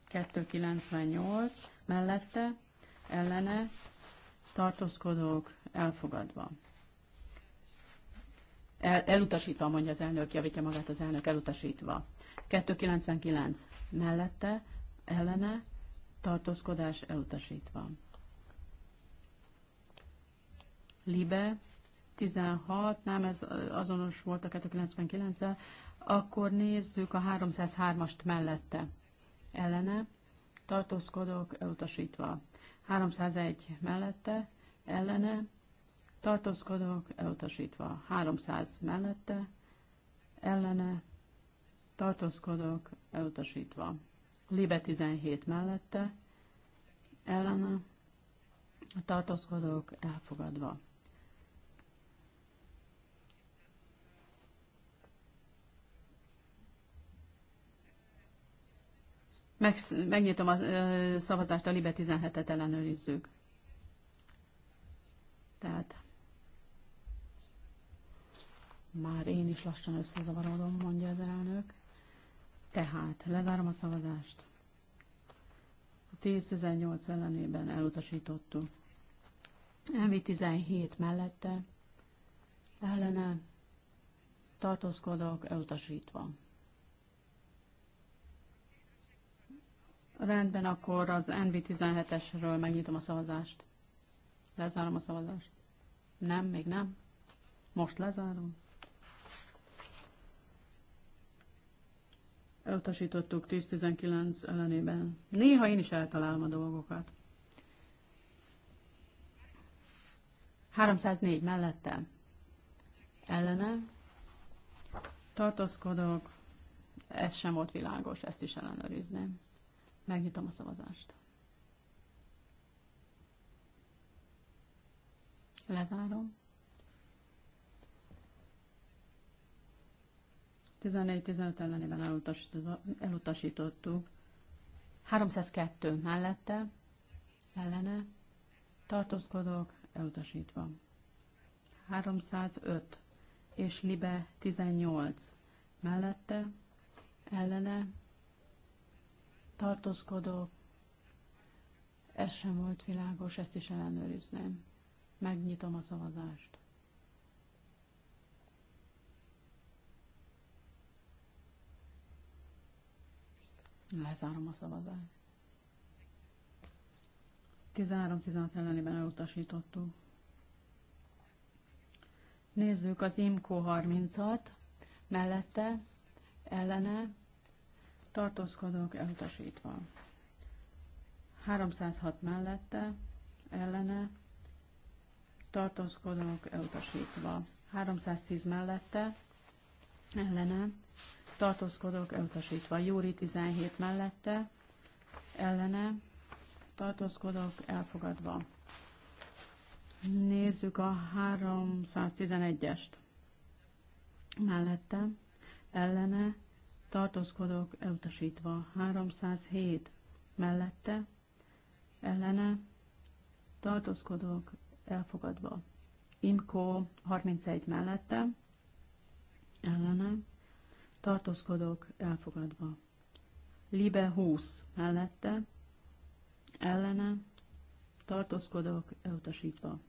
298 mellette, ellene, tartózkodók, elfogadva. El, elutasítva, mondja az elnök, javítja magát az elnök, elutasítva. 299 mellette, ellene, tartózkodás elutasítva. Libe 16, nem ez azonos volt a 299-el, akkor nézzük a 303-ast mellette. Ellene, tartózkodok elutasítva. 301 mellette, ellene, tartózkodok, elutasítva 300 mellette, ellene tartózkodok, elutasítva. Libe 17 mellette, ellene tartózkodok, elfogadva. Meg, megnyitom a ö, szavazást, a Libe 17-et ellenőrizzük. Tehát már én is lassan összezavarodom, mondja az elnök. Tehát lezárom a szavazást. 10-18 ellenében elutasítottuk. Elmi 17 mellette ellene tartózkodok elutasítva. Rendben, akkor az NV17-esről megnyitom a szavazást. Lezárom a szavazást. Nem, még nem. Most lezárom. Elutasítottuk 10-19 ellenében. Néha én is eltalálom a dolgokat. 304 mellette. Ellene. Tartózkodok. Ez sem volt világos, ezt is ellenőrizném. Megnyitom a szavazást. Lezárom. 14-15 ellenében elutasítottuk, 302 mellette, ellene, tartózkodok, elutasítva. 305 és Libe 18 mellette, ellene, tartózkodok, ez sem volt világos, ezt is ellenőrizném. Megnyitom a szavazást. Lezárom a szavazást. 13-16 ellenében elutasítottuk. Nézzük az IMCO 30-at, mellette, ellene, tartózkodók elutasítva. 306 mellette, ellene, tartózkodók elutasítva. 310 mellette, ellene, tartózkodok elutasítva. Júri 17 mellette, ellene, tartózkodok elfogadva. Nézzük a 311-est. Mellette, ellene, tartózkodok elutasítva. 307 mellette, ellene, tartózkodok elfogadva. Imko 31 mellette, ellene, tartózkodok elfogadva. Libe 20 mellette, ellene, tartózkodok elutasítva.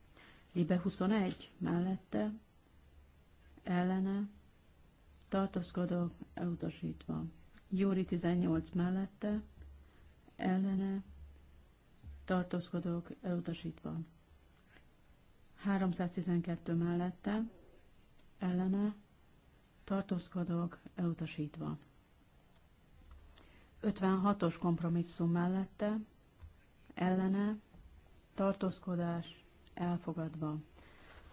Libe 21 mellette, ellene, tartózkodok elutasítva. Júri 18 mellette, ellene, tartózkodok elutasítva. 312 mellette, ellene, tartózkodók elutasítva. 56-os kompromisszum mellette, ellene, tartózkodás elfogadva.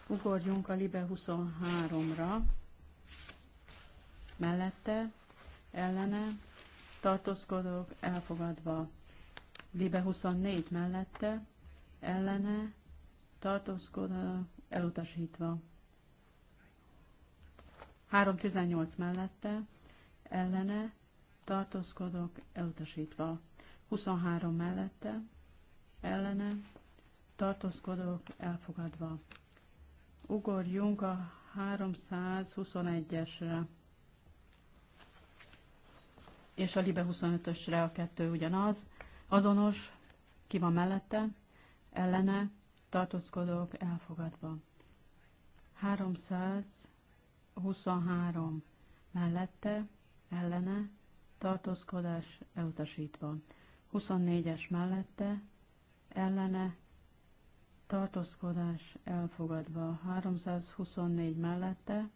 Ugorjunk a Libe 23-ra, mellette, ellene, tartózkodók elfogadva. Libe 24 mellette, ellene, tartózkodók elutasítva. 318 mellette, ellene, tartózkodok, elutasítva. 23 mellette, ellene, tartózkodok, elfogadva. Ugorjunk a 321-esre és a Libe 25-ösre a kettő ugyanaz. Azonos, ki van mellette, ellene, tartózkodok, elfogadva. 300 23 mellette, ellene, tartózkodás elutasítva. 24-es mellette, ellene, tartózkodás elfogadva. 324 mellette,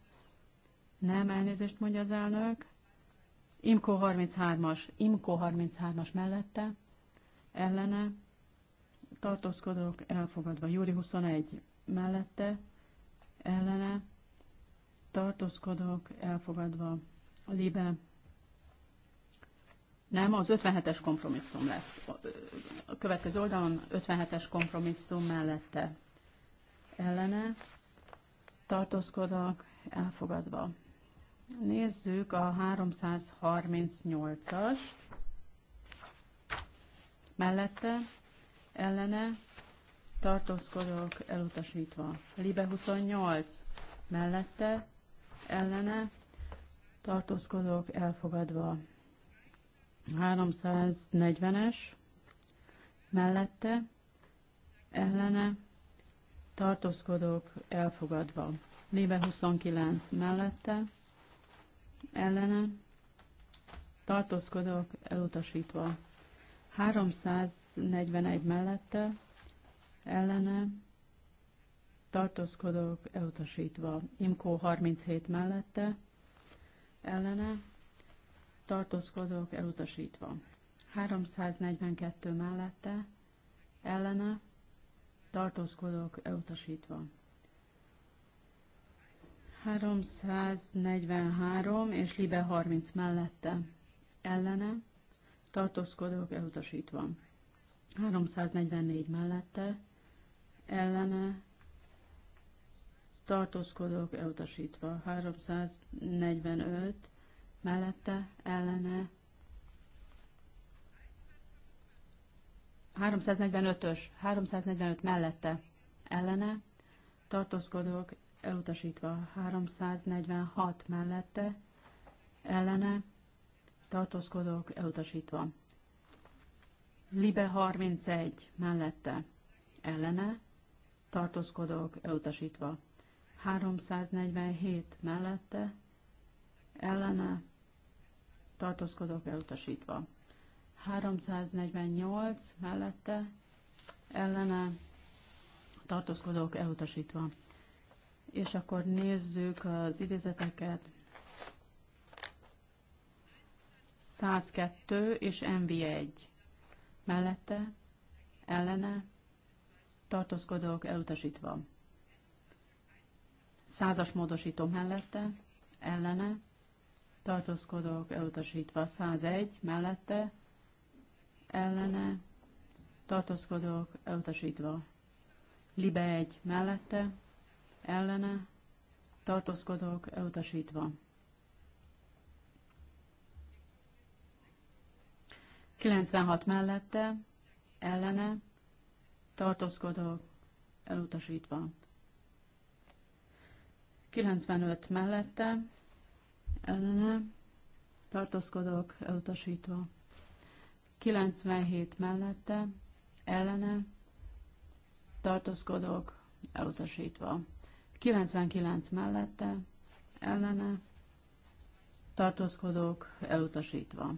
nem elnézést mondja az elnök, Imko 33-as, Imko 33-as mellette, ellene, tartózkodók elfogadva. Júri 21 mellette, ellene, tartózkodok, elfogadva, libe. Nem, az 57-es kompromisszum lesz. A következő oldalon 57-es kompromisszum mellette ellene tartózkodok, elfogadva. Nézzük a 338-as mellette ellene tartózkodok, elutasítva. Libe 28 mellette ellene tartózkodok elfogadva. 340-es mellette ellene tartózkodok elfogadva. Libe 29 mellette ellene tartózkodok elutasítva. 341 mellette ellene tartózkodok, elutasítva. Imkó 37 mellette, ellene, tartózkodok, elutasítva. 342 mellette, ellene, tartózkodok, elutasítva. 343 és Libe 30 mellette, ellene, tartózkodok, elutasítva. 344 mellette, ellene, tartózkodók elutasítva. 345 mellette ellene 345-ös, 345 mellette ellene tartózkodók elutasítva. 346 mellette ellene tartózkodók elutasítva. Libe 31 mellette ellene tartózkodók elutasítva. 347 mellette, ellene tartózkodók elutasítva. 348 mellette, ellene tartózkodók elutasítva. És akkor nézzük az idézeteket. 102 és MV1. Mellette, ellene, tartózkodók elutasítva. Százas módosító mellette, ellene, tartózkodok elutasítva. 101 mellette, ellene, tartózkodok elutasítva. Libe 1 mellette, ellene, tartózkodok elutasítva. 96 mellette, ellene, tartózkodok elutasítva. 95 mellette, ellene, tartózkodok, elutasítva. 97 mellette, ellene, tartózkodok, elutasítva. 99 mellette, ellene, tartózkodok elutasítva.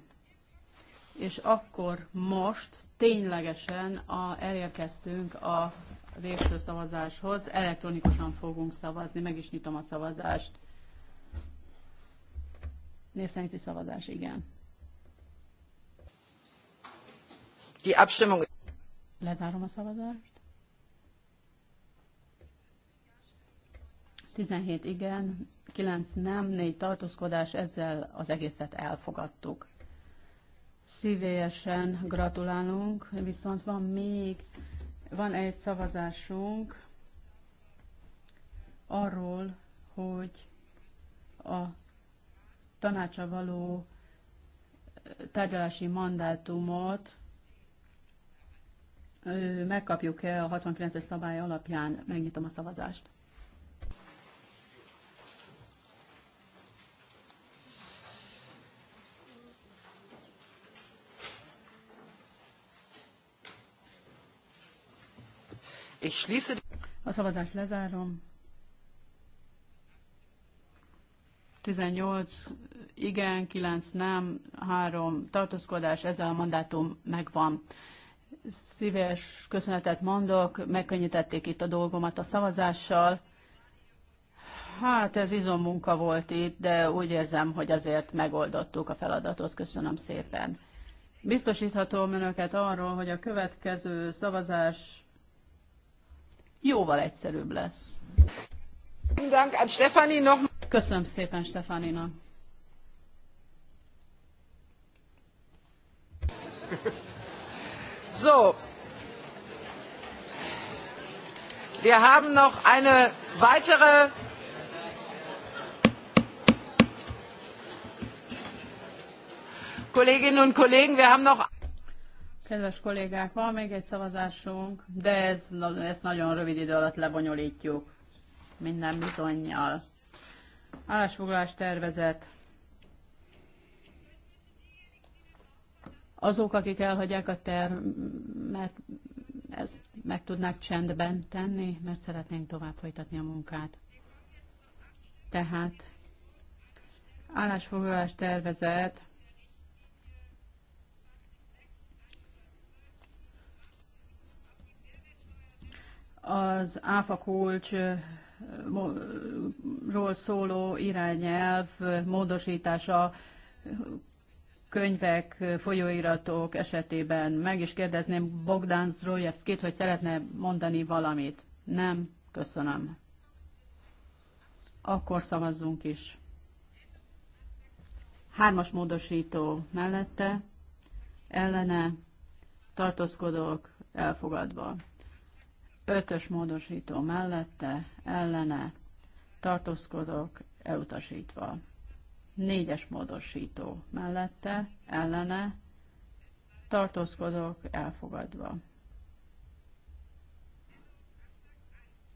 És akkor most ténylegesen a, elérkeztünk a végső szavazáshoz. Elektronikusan fogunk szavazni, meg is nyitom a szavazást. Név szavazás, igen. Die Abstimmung. Lezárom a szavazást. 17 igen, 9 nem, 4 tartózkodás, ezzel az egészet elfogadtuk. Szívélyesen gratulálunk, viszont van még van egy szavazásunk arról, hogy a tanácsa való tárgyalási mandátumot megkapjuk-e a 69-es szabály alapján. Megnyitom a szavazást. Ich schließe a szavazást lezárom. 18 igen, 9 nem, 3 tartózkodás, ezzel a mandátum megvan. Szíves köszönetet mondok, megkönnyítették itt a dolgomat a szavazással. Hát ez izommunka volt itt, de úgy érzem, hogy azért megoldottuk a feladatot. Köszönöm szépen. Biztosíthatom önöket arról, hogy a következő szavazás jóval egyszerűbb lesz. Köszönöm szépen Stefanina. So, wir haben noch eine weitere Kolleginnen und Kollegen, wir haben noch Kedves kollégák, van még egy szavazásunk, de ez, ezt nagyon rövid idő alatt lebonyolítjuk minden bizonyjal. Állásfoglalás tervezet. Azok, akik elhagyják a termet, ezt meg tudnák csendben tenni, mert szeretnénk tovább folytatni a munkát. Tehát állásfoglalás tervezet az áfa kulcs ról szóló irányelv módosítása könyvek, folyóiratok esetében. Meg is kérdezném Bogdán Zdrojevszkit, hogy szeretne mondani valamit. Nem? Köszönöm. Akkor szavazzunk is. Hármas módosító mellette, ellene, tartózkodók, elfogadva. Ötös módosító mellette, ellene, tartózkodok, elutasítva. Négyes módosító mellette, ellene, tartózkodok, elfogadva.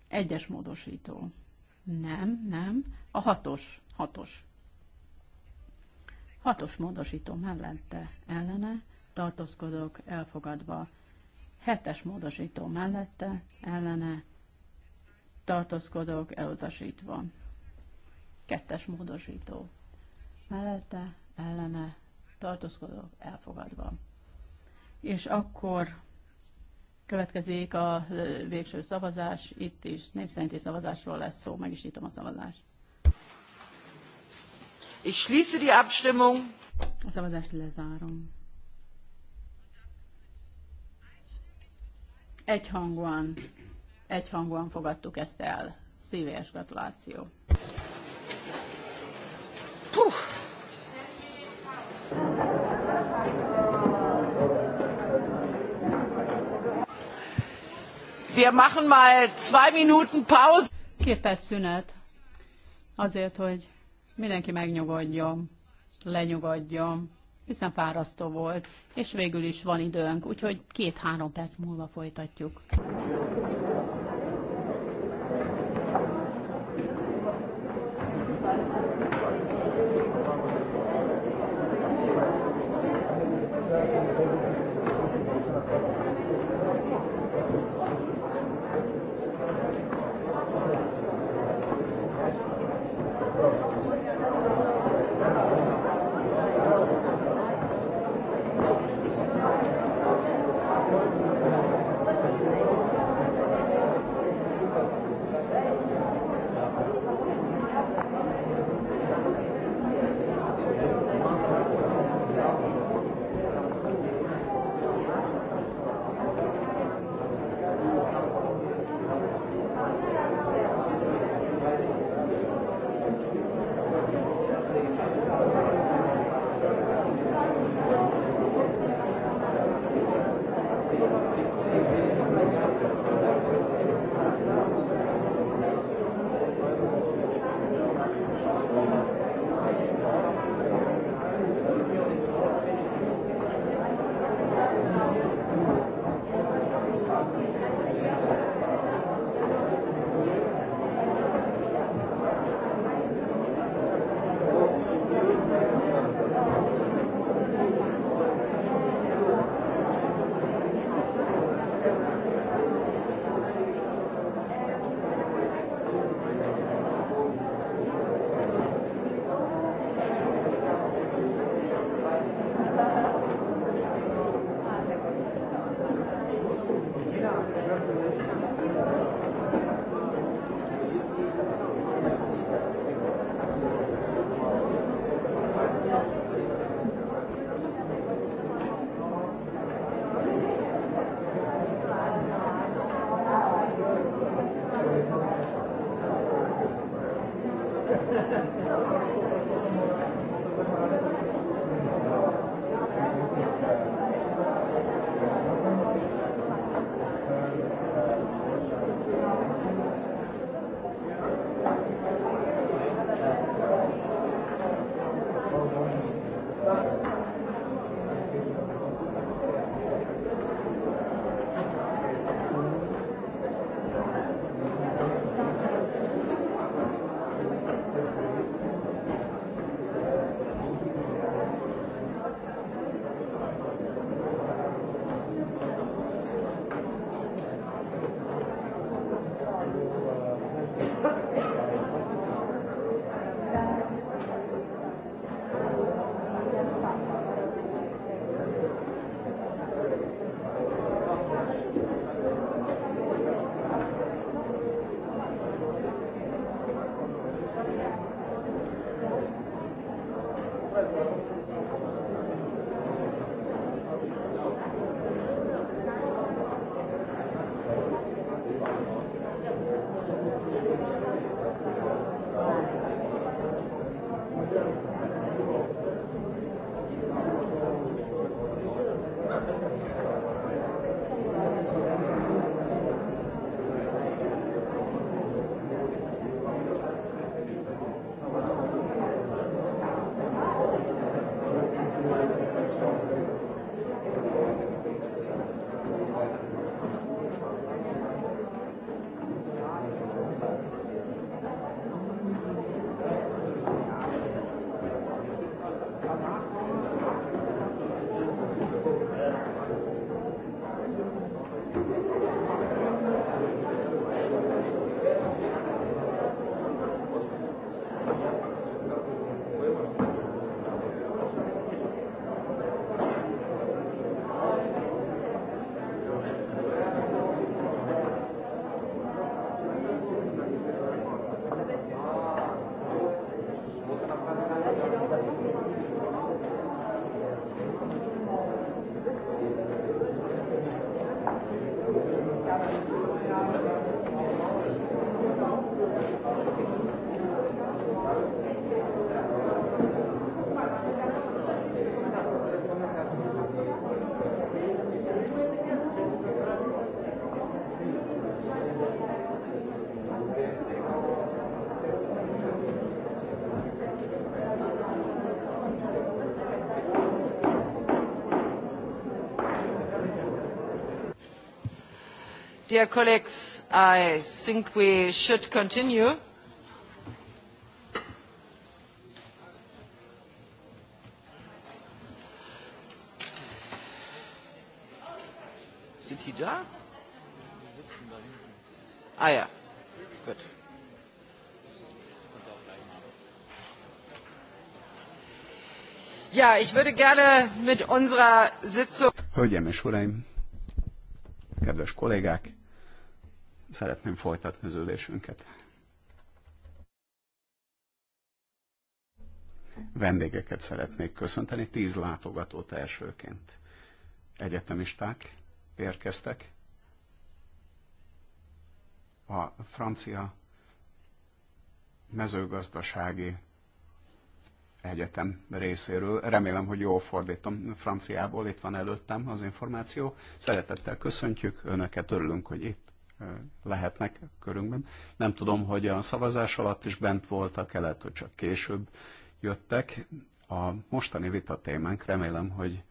Egyes módosító. Nem, nem. A hatos, hatos. Hatos módosító mellette, ellene, tartózkodok, elfogadva. Hetes módosító mellette, ellene tartózkodok elutasítva. Kettes módosító mellette, ellene tartózkodok elfogadva. És akkor következik a végső szavazás, itt is népszerinti szavazásról lesz szó, meg is nyitom a szavazást. Ich schließe die Abstimmung. A szavazást lezárom. Egyhangúan, egyhangúan fogadtuk ezt el. Szíves gratuláció. Puh. Wir machen mal zwei Minuten Pause. Két perc szünet. Azért, hogy mindenki megnyugodjon, lenyugodjon hiszen fárasztó volt, és végül is van időnk, úgyhogy két-három perc múlva folytatjuk. Thank you. Dear colleagues, I think we should continue. Sind die da? Ah ja, gut. Ja, ich würde gerne mit unserer Sitzung. Hölgyeim és Uraim, kedves kollégák! szeretném folytatni az ülésünket. Vendégeket szeretnék köszönteni, tíz látogatót elsőként. Egyetemisták érkeztek. A francia mezőgazdasági egyetem részéről. Remélem, hogy jól fordítom franciából, itt van előttem az információ. Szeretettel köszöntjük Önöket, örülünk, hogy itt lehetnek körünkben. Nem tudom, hogy a szavazás alatt is bent voltak, lehet, hogy csak később jöttek. A mostani vita témánk remélem, hogy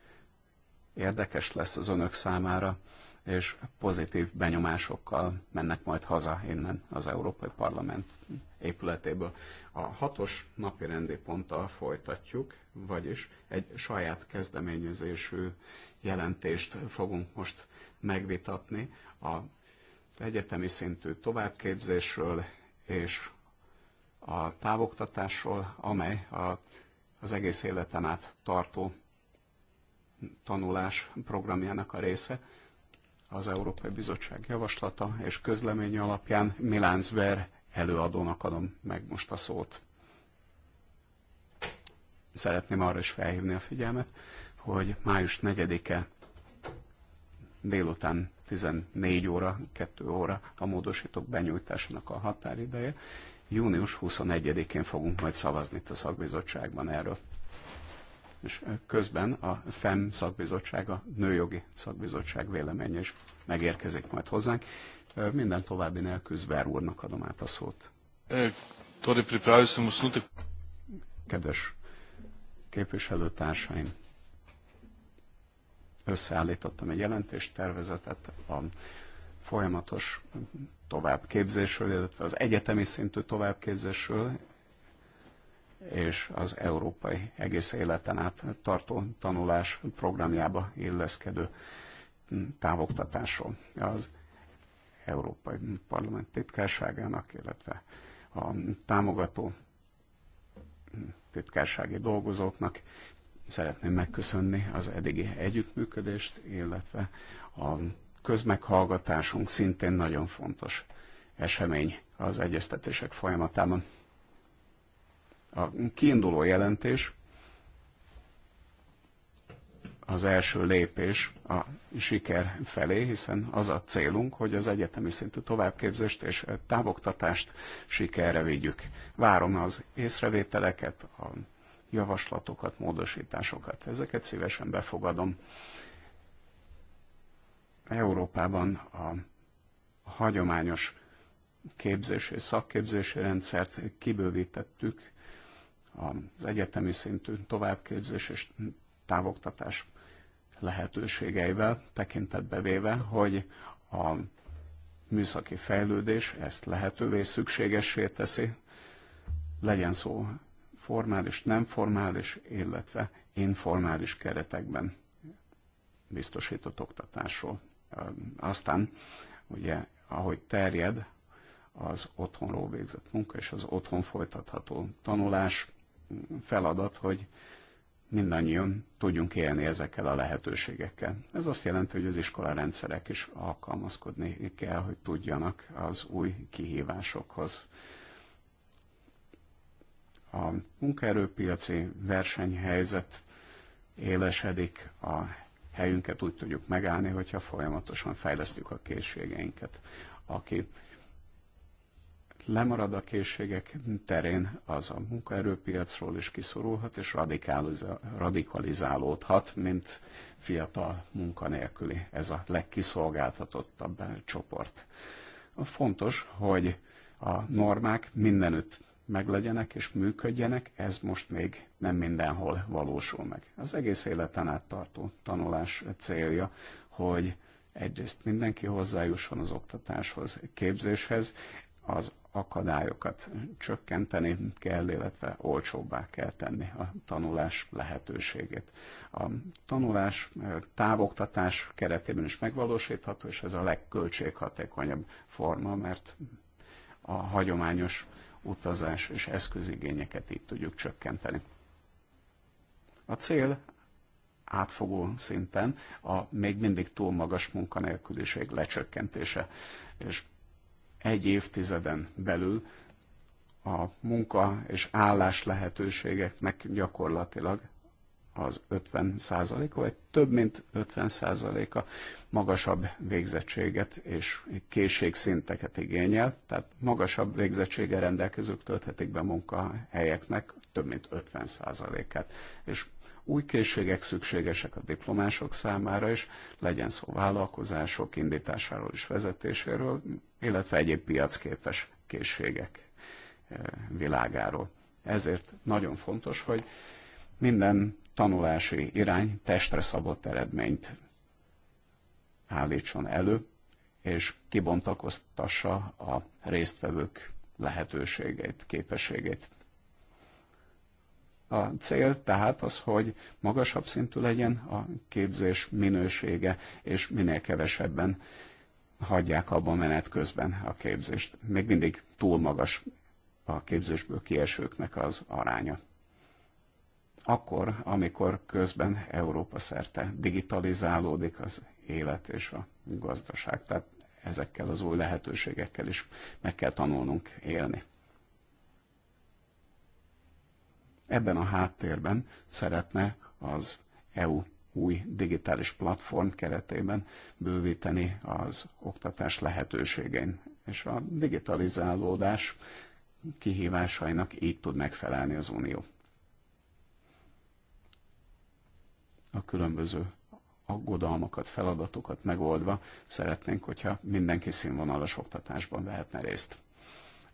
érdekes lesz az önök számára, és pozitív benyomásokkal mennek majd haza innen az Európai Parlament épületéből. A hatos napi rendi ponttal folytatjuk, vagyis egy saját kezdeményezésű jelentést fogunk most megvitatni a egyetemi szintű továbbképzésről és a távoktatásról, amely a, az egész életen át tartó tanulás programjának a része. Az Európai Bizottság javaslata és közlemény alapján Milán Zver előadónak adom meg most a szót. Szeretném arra is felhívni a figyelmet, hogy május 4-e délután 14 óra, 2 óra a módosítók benyújtásának a határideje. Június 21-én fogunk majd szavazni itt a szakbizottságban erről. És közben a FEM szakbizottság, a Nőjogi Szakbizottság véleménye is megérkezik majd hozzánk. Minden további nélkül Zver úrnak adom át a szót. Kedves képviselőtársaim, összeállítottam egy jelentéstervezetet a folyamatos továbbképzésről, illetve az egyetemi szintű továbbképzésről, és az európai egész életen át tartó tanulás programjába illeszkedő távoktatásról. Az Európai Parlament titkárságának, illetve a támogató titkársági dolgozóknak szeretném megköszönni az eddigi együttműködést, illetve a közmeghallgatásunk szintén nagyon fontos esemény az egyeztetések folyamatában. A kiinduló jelentés az első lépés a siker felé, hiszen az a célunk, hogy az egyetemi szintű továbbképzést és távoktatást sikerre vigyük. Várom az észrevételeket, a javaslatokat, módosításokat. Ezeket szívesen befogadom. Európában a hagyományos képzési, szakképzési rendszert kibővítettük, az egyetemi szintű továbbképzés és távoktatás lehetőségeivel tekintetbe véve, hogy a műszaki fejlődés ezt lehetővé, szükségessé teszi, legyen szó formális, nem formális, illetve informális keretekben biztosított oktatásról. Aztán ugye, ahogy terjed az otthonról végzett munka és az otthon folytatható tanulás feladat, hogy mindannyian tudjunk élni ezekkel a lehetőségekkel. Ez azt jelenti, hogy az iskola rendszerek is alkalmazkodni kell, hogy tudjanak az új kihívásokhoz a munkaerőpiaci versenyhelyzet élesedik, a helyünket úgy tudjuk megállni, hogyha folyamatosan fejlesztjük a készségeinket. Aki lemarad a készségek terén, az a munkaerőpiacról is kiszorulhat, és radikalizálódhat, mint fiatal munkanélküli. Ez a legkiszolgáltatottabb csoport. Fontos, hogy a normák mindenütt meglegyenek és működjenek, ez most még nem mindenhol valósul meg. Az egész életen át tartó tanulás célja, hogy egyrészt mindenki hozzájusson az oktatáshoz, képzéshez, az akadályokat csökkenteni kell, illetve olcsóbbá kell tenni a tanulás lehetőségét. A tanulás távoktatás keretében is megvalósítható, és ez a legköltséghatékonyabb forma, mert a hagyományos utazás és eszközigényeket így tudjuk csökkenteni. A cél átfogó szinten a még mindig túl magas munkanélküliség lecsökkentése, és egy évtizeden belül a munka és állás lehetőségeknek gyakorlatilag az 50 százaléka, vagy több mint 50 százaléka magasabb végzettséget és készségszinteket igényel, tehát magasabb végzettséggel rendelkezők tölthetik be munkahelyeknek több mint 50 százalékát. És új készségek szükségesek a diplomások számára is, legyen szó vállalkozások indításáról és vezetéséről, illetve egyéb piacképes készségek eh, világáról. Ezért nagyon fontos, hogy minden tanulási irány testre szabott eredményt állítson elő, és kibontakoztassa a résztvevők lehetőségeit, képességét. A cél tehát az, hogy magasabb szintű legyen a képzés minősége, és minél kevesebben hagyják abban menet közben a képzést. Még mindig túl magas a képzésből kiesőknek az aránya akkor, amikor közben Európa szerte digitalizálódik az élet és a gazdaság. Tehát ezekkel az új lehetőségekkel is meg kell tanulnunk élni. Ebben a háttérben szeretne az EU új digitális platform keretében bővíteni az oktatás lehetőségein. És a digitalizálódás kihívásainak így tud megfelelni az Unió. a különböző aggodalmakat, feladatokat megoldva szeretnénk, hogyha mindenki színvonalas oktatásban vehetne részt.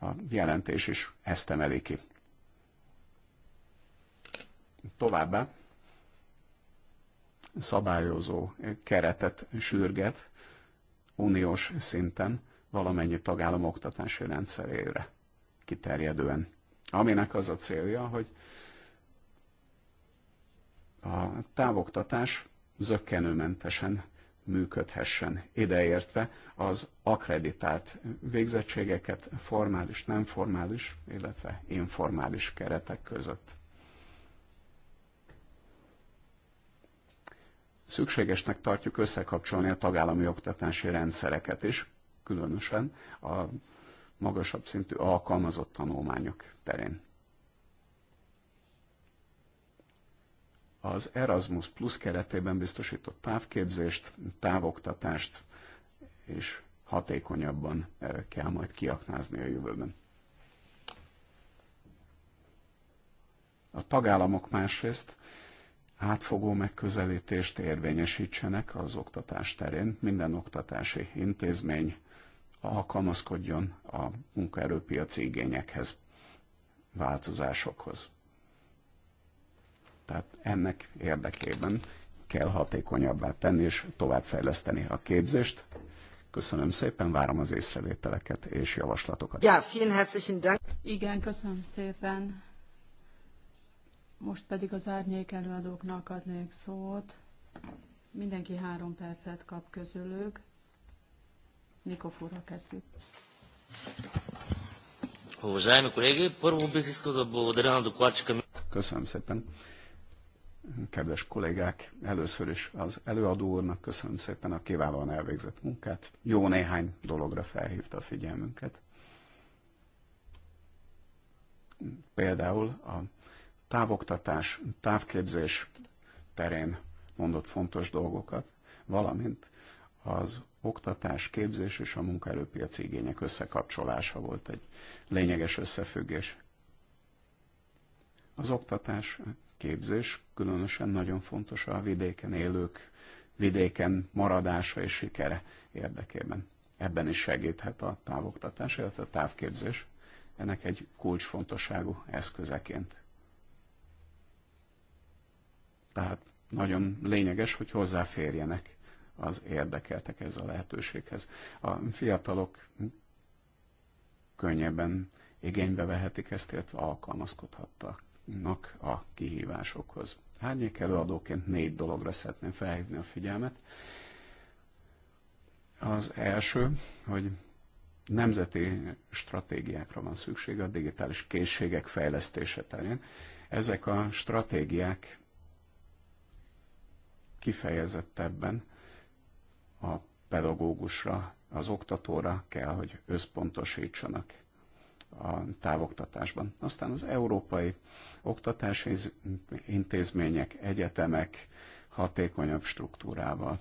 A jelentés is ezt emeli ki. Továbbá szabályozó keretet sürget uniós szinten valamennyi tagállam oktatási rendszerére kiterjedően. Aminek az a célja, hogy a távoktatás zöggenőmentesen működhessen, ideértve az akreditált végzettségeket formális, nem formális, illetve informális keretek között. Szükségesnek tartjuk összekapcsolni a tagállami oktatási rendszereket is, különösen a magasabb szintű alkalmazott tanulmányok terén. az Erasmus Plus keretében biztosított távképzést, távoktatást és hatékonyabban kell majd kiaknázni a jövőben. A tagállamok másrészt átfogó megközelítést érvényesítsenek az oktatás terén. Minden oktatási intézmény alkalmazkodjon a munkaerőpiaci igényekhez, változásokhoz. Tehát ennek érdekében kell hatékonyabbá tenni és továbbfejleszteni a képzést. Köszönöm szépen, várom az észrevételeket és javaslatokat. Ja, vielen herzlichen Dank. Igen, köszönöm szépen. Most pedig az árnyék előadóknak adnék szót. Mindenki három percet kap közülük. Никофура kezdjük. Köszönöm szépen kedves kollégák, először is az előadó úrnak köszönöm szépen a kiválóan elvégzett munkát. Jó néhány dologra felhívta a figyelmünket. Például a távoktatás, távképzés terén mondott fontos dolgokat, valamint az oktatás, képzés és a munkaerőpiaci igények összekapcsolása volt egy lényeges összefüggés. Az oktatás képzés különösen nagyon fontos a vidéken élők, vidéken maradása és sikere érdekében. Ebben is segíthet a távoktatás, illetve a távképzés ennek egy kulcsfontosságú eszközeként. Tehát nagyon lényeges, hogy hozzáférjenek az érdekeltek ez a lehetőséghez. A fiatalok könnyebben igénybe vehetik ezt, illetve alkalmazkodhattak nak a kihívásokhoz. Hányék előadóként négy dologra szeretném felhívni a figyelmet. Az első, hogy nemzeti stratégiákra van szükség a digitális készségek fejlesztése terén. Ezek a stratégiák kifejezettebben a pedagógusra, az oktatóra kell, hogy összpontosítsanak a távoktatásban. Aztán az európai oktatási intézmények, egyetemek hatékonyabb struktúrával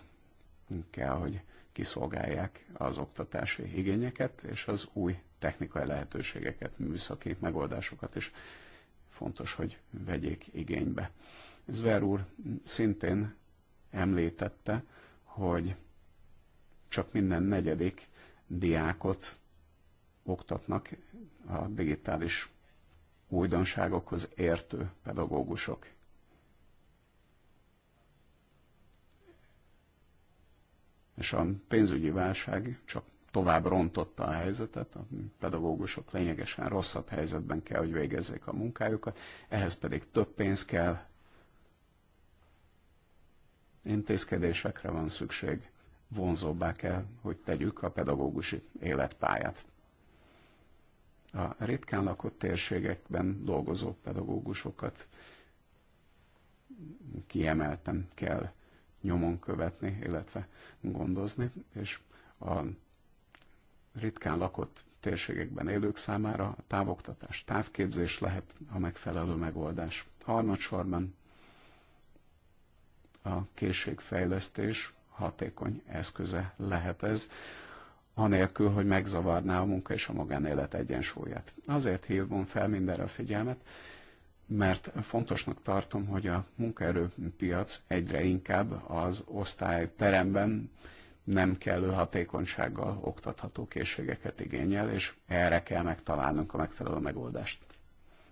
kell, hogy kiszolgálják az oktatási igényeket és az új technikai lehetőségeket, műszaki megoldásokat is fontos, hogy vegyék igénybe. Zver úr szintén említette, hogy csak minden negyedik diákot oktatnak a digitális újdonságokhoz értő pedagógusok. És a pénzügyi válság csak tovább rontotta a helyzetet, a pedagógusok lényegesen rosszabb helyzetben kell, hogy végezzék a munkájukat, ehhez pedig több pénz kell, intézkedésekre van szükség, vonzóbbá kell, hogy tegyük a pedagógusi életpályát a ritkán lakott térségekben dolgozó pedagógusokat kiemelten kell nyomon követni, illetve gondozni, és a ritkán lakott térségekben élők számára a távoktatás, távképzés lehet a megfelelő megoldás. Harmadsorban a készségfejlesztés hatékony eszköze lehet ez anélkül, hogy megzavarná a munka és a magánélet egyensúlyát. Azért hívom fel mindenre a figyelmet, mert fontosnak tartom, hogy a munkaerőpiac egyre inkább az osztályteremben nem kellő hatékonysággal oktatható készségeket igényel, és erre kell megtalálnunk a megfelelő megoldást.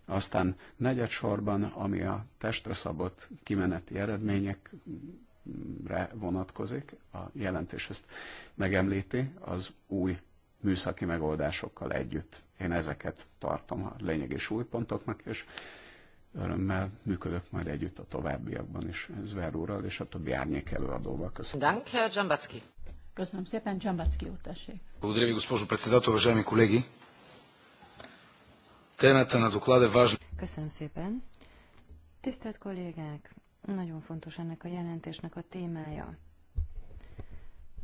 Aztán negyedsorban, ami a testre szabott kimeneti eredmények re vonatkozik, a jelentés ezt megemlíti, az új műszaki megoldásokkal együtt. Én ezeket tartom a új pontoknak és örömmel működök majd együtt a továbbiakban is Zver és a többi árnyék előadóval. Köszönöm. Dank, Herr eh, Dzsambacki. Köszönöm szépen, Dzsambacki úr, tessék. Благодаря ви, госпожо председател, уважаеми колеги. Темата на доклада е важна. Köszönöm szépen. Tisztelt kollégák, nagyon fontos ennek a jelentésnek a témája.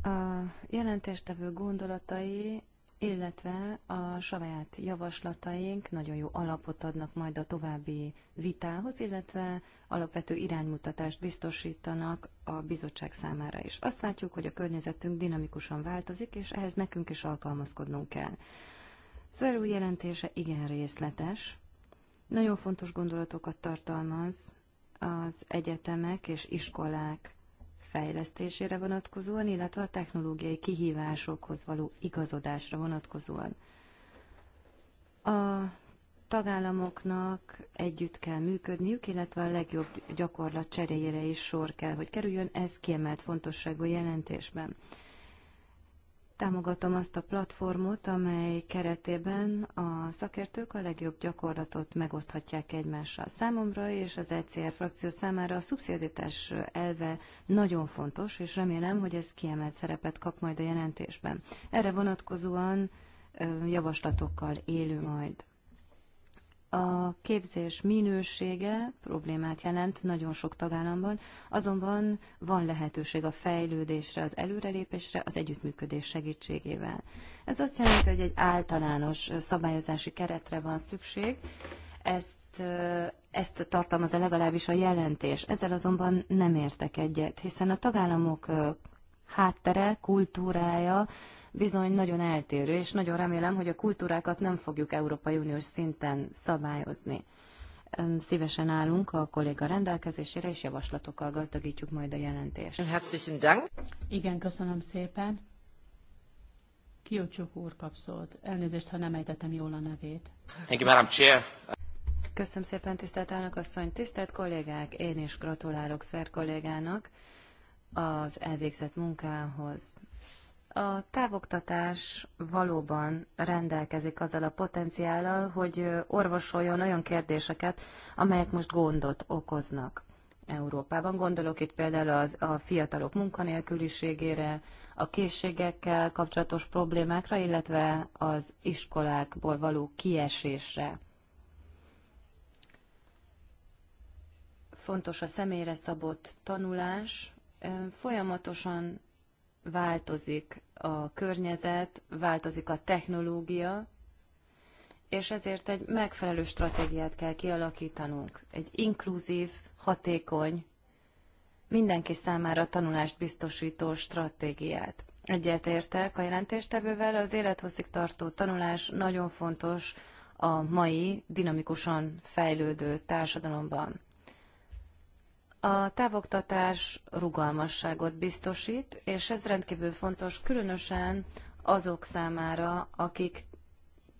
A jelentéstevő gondolatai, illetve a saját javaslataink nagyon jó alapot adnak majd a további vitához, illetve alapvető iránymutatást biztosítanak a bizottság számára is. Azt látjuk, hogy a környezetünk dinamikusan változik, és ehhez nekünk is alkalmazkodnunk kell. Szerű jelentése igen részletes, nagyon fontos gondolatokat tartalmaz, az egyetemek és iskolák fejlesztésére vonatkozóan, illetve a technológiai kihívásokhoz való igazodásra vonatkozóan. A tagállamoknak együtt kell működniük, illetve a legjobb gyakorlat cseréjére is sor kell, hogy kerüljön, ez kiemelt fontosságú jelentésben. Támogatom azt a platformot, amely keretében a szakértők a legjobb gyakorlatot megoszthatják egymással. Számomra és az ECR frakció számára a szubszidítás elve nagyon fontos, és remélem, hogy ez kiemelt szerepet kap majd a jelentésben. Erre vonatkozóan javaslatokkal élő majd. A képzés minősége problémát jelent nagyon sok tagállamban, azonban van lehetőség a fejlődésre, az előrelépésre, az együttműködés segítségével. Ez azt jelenti, hogy egy általános szabályozási keretre van szükség, ezt, ezt tartalmazza legalábbis a jelentés. Ezzel azonban nem értek egyet, hiszen a tagállamok háttere, kultúrája, bizony nagyon eltérő, és nagyon remélem, hogy a kultúrákat nem fogjuk Európai Uniós szinten szabályozni. Szívesen állunk a kolléga rendelkezésére, és javaslatokkal gazdagítjuk majd a jelentést. Herzlichen Dank. Igen, köszönöm szépen. Kiocsuk úr kapszolt. Elnézést, ha nem ejtettem jól a nevét. Köszönöm szépen, tisztelt elnökasszony, tisztelt kollégák, én is gratulálok Szer kollégának az elvégzett munkához. A távoktatás valóban rendelkezik azzal a potenciállal, hogy orvosoljon olyan kérdéseket, amelyek most gondot okoznak Európában. Gondolok itt például az, a fiatalok munkanélküliségére, a készségekkel kapcsolatos problémákra, illetve az iskolákból való kiesésre. Fontos a személyre szabott tanulás. Folyamatosan változik a környezet, változik a technológia, és ezért egy megfelelő stratégiát kell kialakítanunk. Egy inkluzív, hatékony, mindenki számára tanulást biztosító stratégiát. Egyetértek a jelentéstevővel, az élethosszig tartó tanulás nagyon fontos a mai dinamikusan fejlődő társadalomban. A távoktatás rugalmasságot biztosít, és ez rendkívül fontos, különösen azok számára, akik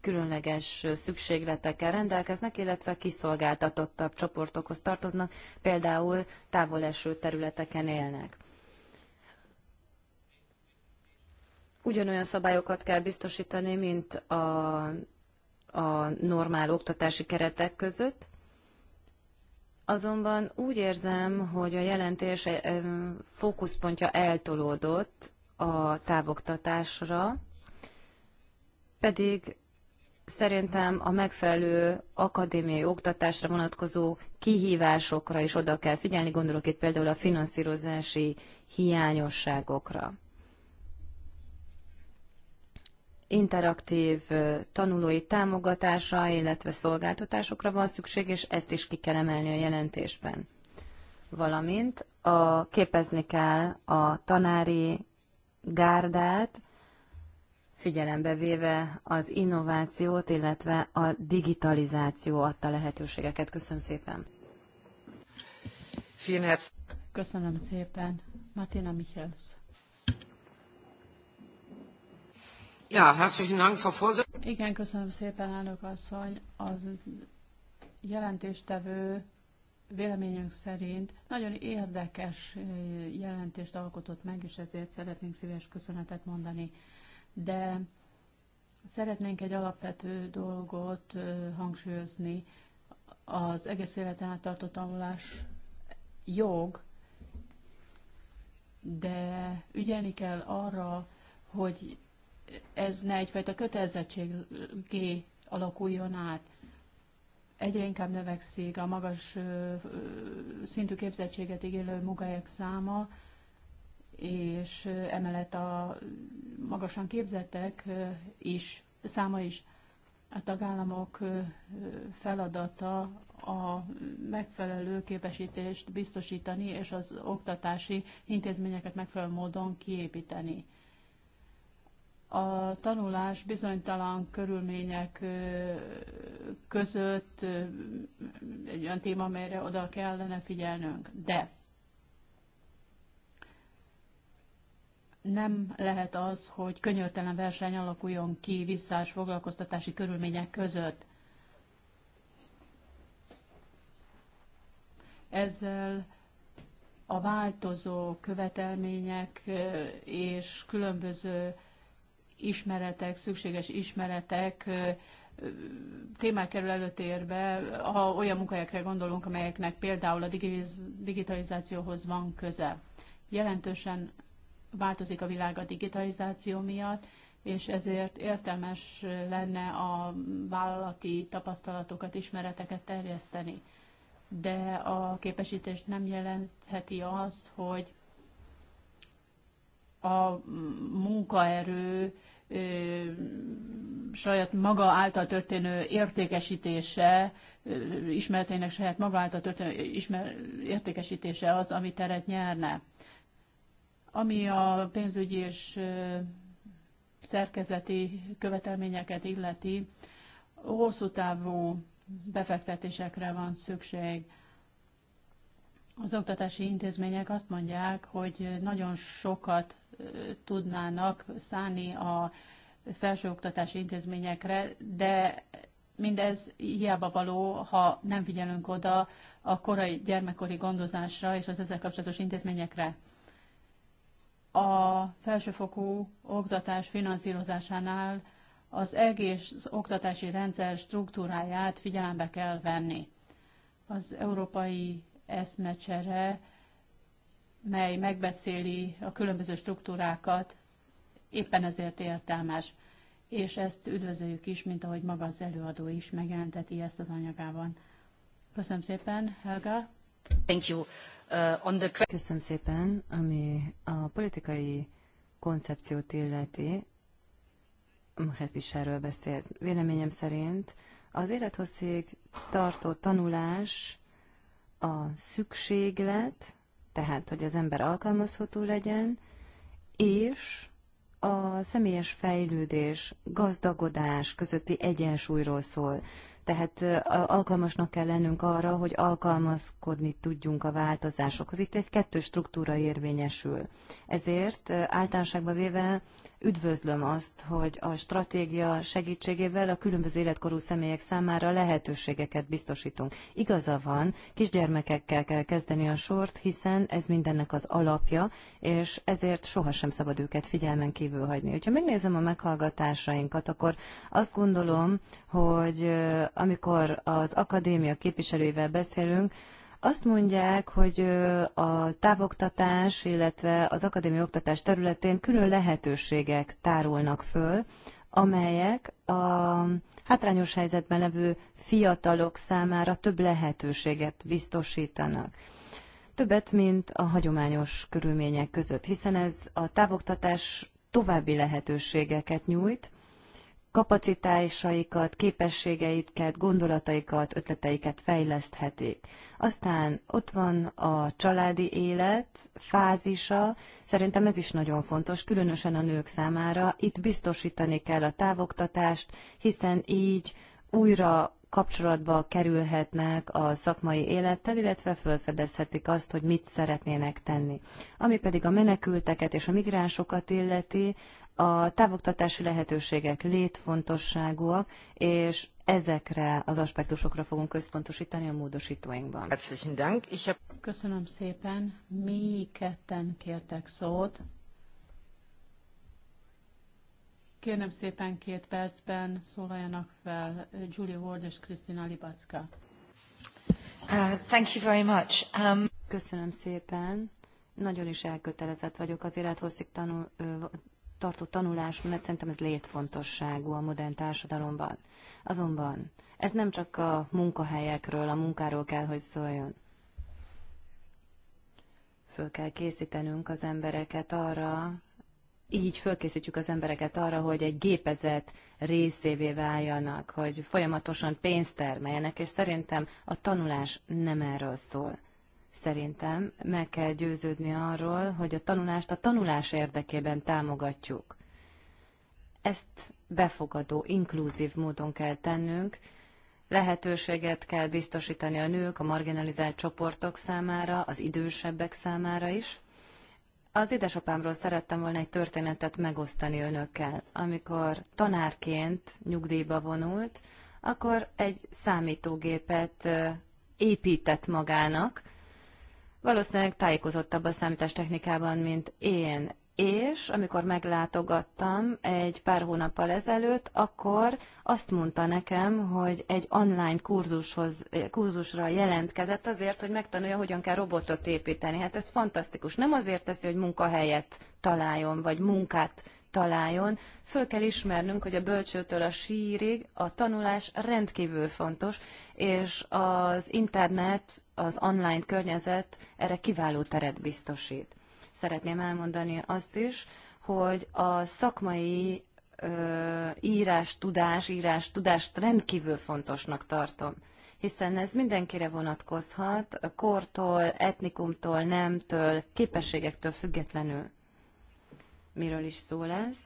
különleges szükségletekkel rendelkeznek, illetve kiszolgáltatottabb csoportokhoz tartoznak, például eső területeken élnek. Ugyanolyan szabályokat kell biztosítani, mint a, a normál oktatási keretek között, Azonban úgy érzem, hogy a jelentés fókuszpontja eltolódott a távoktatásra, pedig szerintem a megfelelő akadémiai oktatásra vonatkozó kihívásokra is oda kell figyelni, gondolok itt például a finanszírozási hiányosságokra. interaktív tanulói támogatásra, illetve szolgáltatásokra van szükség, és ezt is ki kell emelni a jelentésben. Valamint a, képezni kell a tanári gárdát, figyelembe véve az innovációt, illetve a digitalizáció adta lehetőségeket. Köszönöm szépen. Köszönöm szépen. Martina Michels. Ja, herzlichen Dank, Frau Vorsitzende. Igen, köszönöm szépen, elnök asszony. Az jelentéstevő véleményünk szerint nagyon érdekes eh, jelentést alkotott meg, és ezért szeretnénk szíves köszönetet mondani. De szeretnénk egy alapvető dolgot eh, hangsúlyozni. Az egész életen át tartott tanulás jog, de ügyelni kell arra, hogy ez ne egyfajta kötelezettségé alakuljon át. Egyre inkább növekszik a magas szintű képzettséget igénylő munkahelyek száma, és emellett a magasan képzettek is, száma is a tagállamok feladata a megfelelő képesítést biztosítani, és az oktatási intézményeket megfelelő módon kiépíteni a tanulás bizonytalan körülmények között egy olyan téma, amelyre oda kellene figyelnünk. De nem lehet az, hogy könyörtelen verseny alakuljon ki visszás foglalkoztatási körülmények között. Ezzel a változó követelmények és különböző ismeretek, szükséges ismeretek témák kerül előtérbe, ha olyan munkahelyekre gondolunk, amelyeknek például a digitalizációhoz van köze. Jelentősen változik a világ a digitalizáció miatt, és ezért értelmes lenne a vállalati tapasztalatokat, ismereteket terjeszteni. De a képesítést nem jelentheti azt, hogy a munkaerő saját maga által történő értékesítése, ismereteinek saját maga által történő ismer, értékesítése az, ami teret nyerne. Ami a pénzügyi és szerkezeti követelményeket illeti, hosszú távú befektetésekre van szükség. Az oktatási intézmények azt mondják, hogy nagyon sokat tudnának szállni a felsőoktatási intézményekre, de mindez hiába való, ha nem figyelünk oda a korai gyermekkori gondozásra és az ezzel kapcsolatos intézményekre. A felsőfokú oktatás finanszírozásánál az egész oktatási rendszer struktúráját figyelembe kell venni. Az európai eszmecsere mely megbeszéli a különböző struktúrákat, éppen ezért értelmes. És ezt üdvözöljük is, mint ahogy maga az előadó is megjelenteti ezt az anyagában. Köszönöm szépen, Helga. Thank you. Uh, on the... Köszönöm szépen, ami a politikai koncepciót illeti, ez is erről beszélt. Véleményem szerint az élethosszig tartó tanulás a szükséglet, tehát hogy az ember alkalmazható legyen, és a személyes fejlődés, gazdagodás közötti egyensúlyról szól tehát alkalmasnak kell lennünk arra, hogy alkalmazkodni tudjunk a változásokhoz. Itt egy kettős struktúra érvényesül. Ezért általánoságban véve üdvözlöm azt, hogy a stratégia segítségével a különböző életkorú személyek számára lehetőségeket biztosítunk. Igaza van, kisgyermekekkel kell kezdeni a sort, hiszen ez mindennek az alapja, és ezért sohasem szabad őket figyelmen kívül hagyni. Ha megnézem a meghallgatásainkat, akkor azt gondolom, hogy amikor az akadémia képviselőivel beszélünk, azt mondják, hogy a távoktatás, illetve az akadémia oktatás területén külön lehetőségek tárulnak föl, amelyek a hátrányos helyzetben levő fiatalok számára több lehetőséget biztosítanak. Többet, mint a hagyományos körülmények között, hiszen ez a távoktatás további lehetőségeket nyújt, kapacitásaikat, képességeiket, gondolataikat, ötleteiket fejleszthetik. Aztán ott van a családi élet fázisa, szerintem ez is nagyon fontos, különösen a nők számára. Itt biztosítani kell a távoktatást, hiszen így újra kapcsolatba kerülhetnek a szakmai élettel, illetve felfedezhetik azt, hogy mit szeretnének tenni. Ami pedig a menekülteket és a migránsokat illeti, a távoktatási lehetőségek létfontosságúak, és ezekre az aspektusokra fogunk központosítani a módosítóinkban. Köszönöm szépen. Mi ketten kértek szót. Kérem szépen két percben szólaljanak fel Julie Ward és Krisztina Libacka. Uh, thank you very much. Um... Köszönöm szépen. Nagyon is elkötelezett vagyok az élethosszig tanul, tartó mert szerintem ez létfontosságú a modern társadalomban. Azonban ez nem csak a munkahelyekről, a munkáról kell, hogy szóljon. Föl kell készítenünk az embereket arra, így fölkészítjük az embereket arra, hogy egy gépezet részévé váljanak, hogy folyamatosan pénzt termeljenek, és szerintem a tanulás nem erről szól. Szerintem meg kell győződni arról, hogy a tanulást a tanulás érdekében támogatjuk. Ezt befogadó, inkluzív módon kell tennünk, lehetőséget kell biztosítani a nők, a marginalizált csoportok számára, az idősebbek számára is. Az édesapámról szerettem volna egy történetet megosztani önökkel. Amikor tanárként nyugdíjba vonult, akkor egy számítógépet épített magának, valószínűleg tájékozottabb a számítástechnikában, mint én. És amikor meglátogattam egy pár hónappal ezelőtt, akkor azt mondta nekem, hogy egy online kurzushoz, kurzusra jelentkezett azért, hogy megtanulja, hogyan kell robotot építeni. Hát ez fantasztikus. Nem azért teszi, hogy munkahelyet találjon, vagy munkát találjon. Föl kell ismernünk, hogy a bölcsőtől a sírig a tanulás rendkívül fontos, és az internet, az online környezet erre kiváló teret biztosít. Szeretném elmondani azt is, hogy a szakmai ö, írás, tudás, írás, tudást rendkívül fontosnak tartom hiszen ez mindenkire vonatkozhat, kortól, etnikumtól, nemtől, képességektől függetlenül miről is szól ez.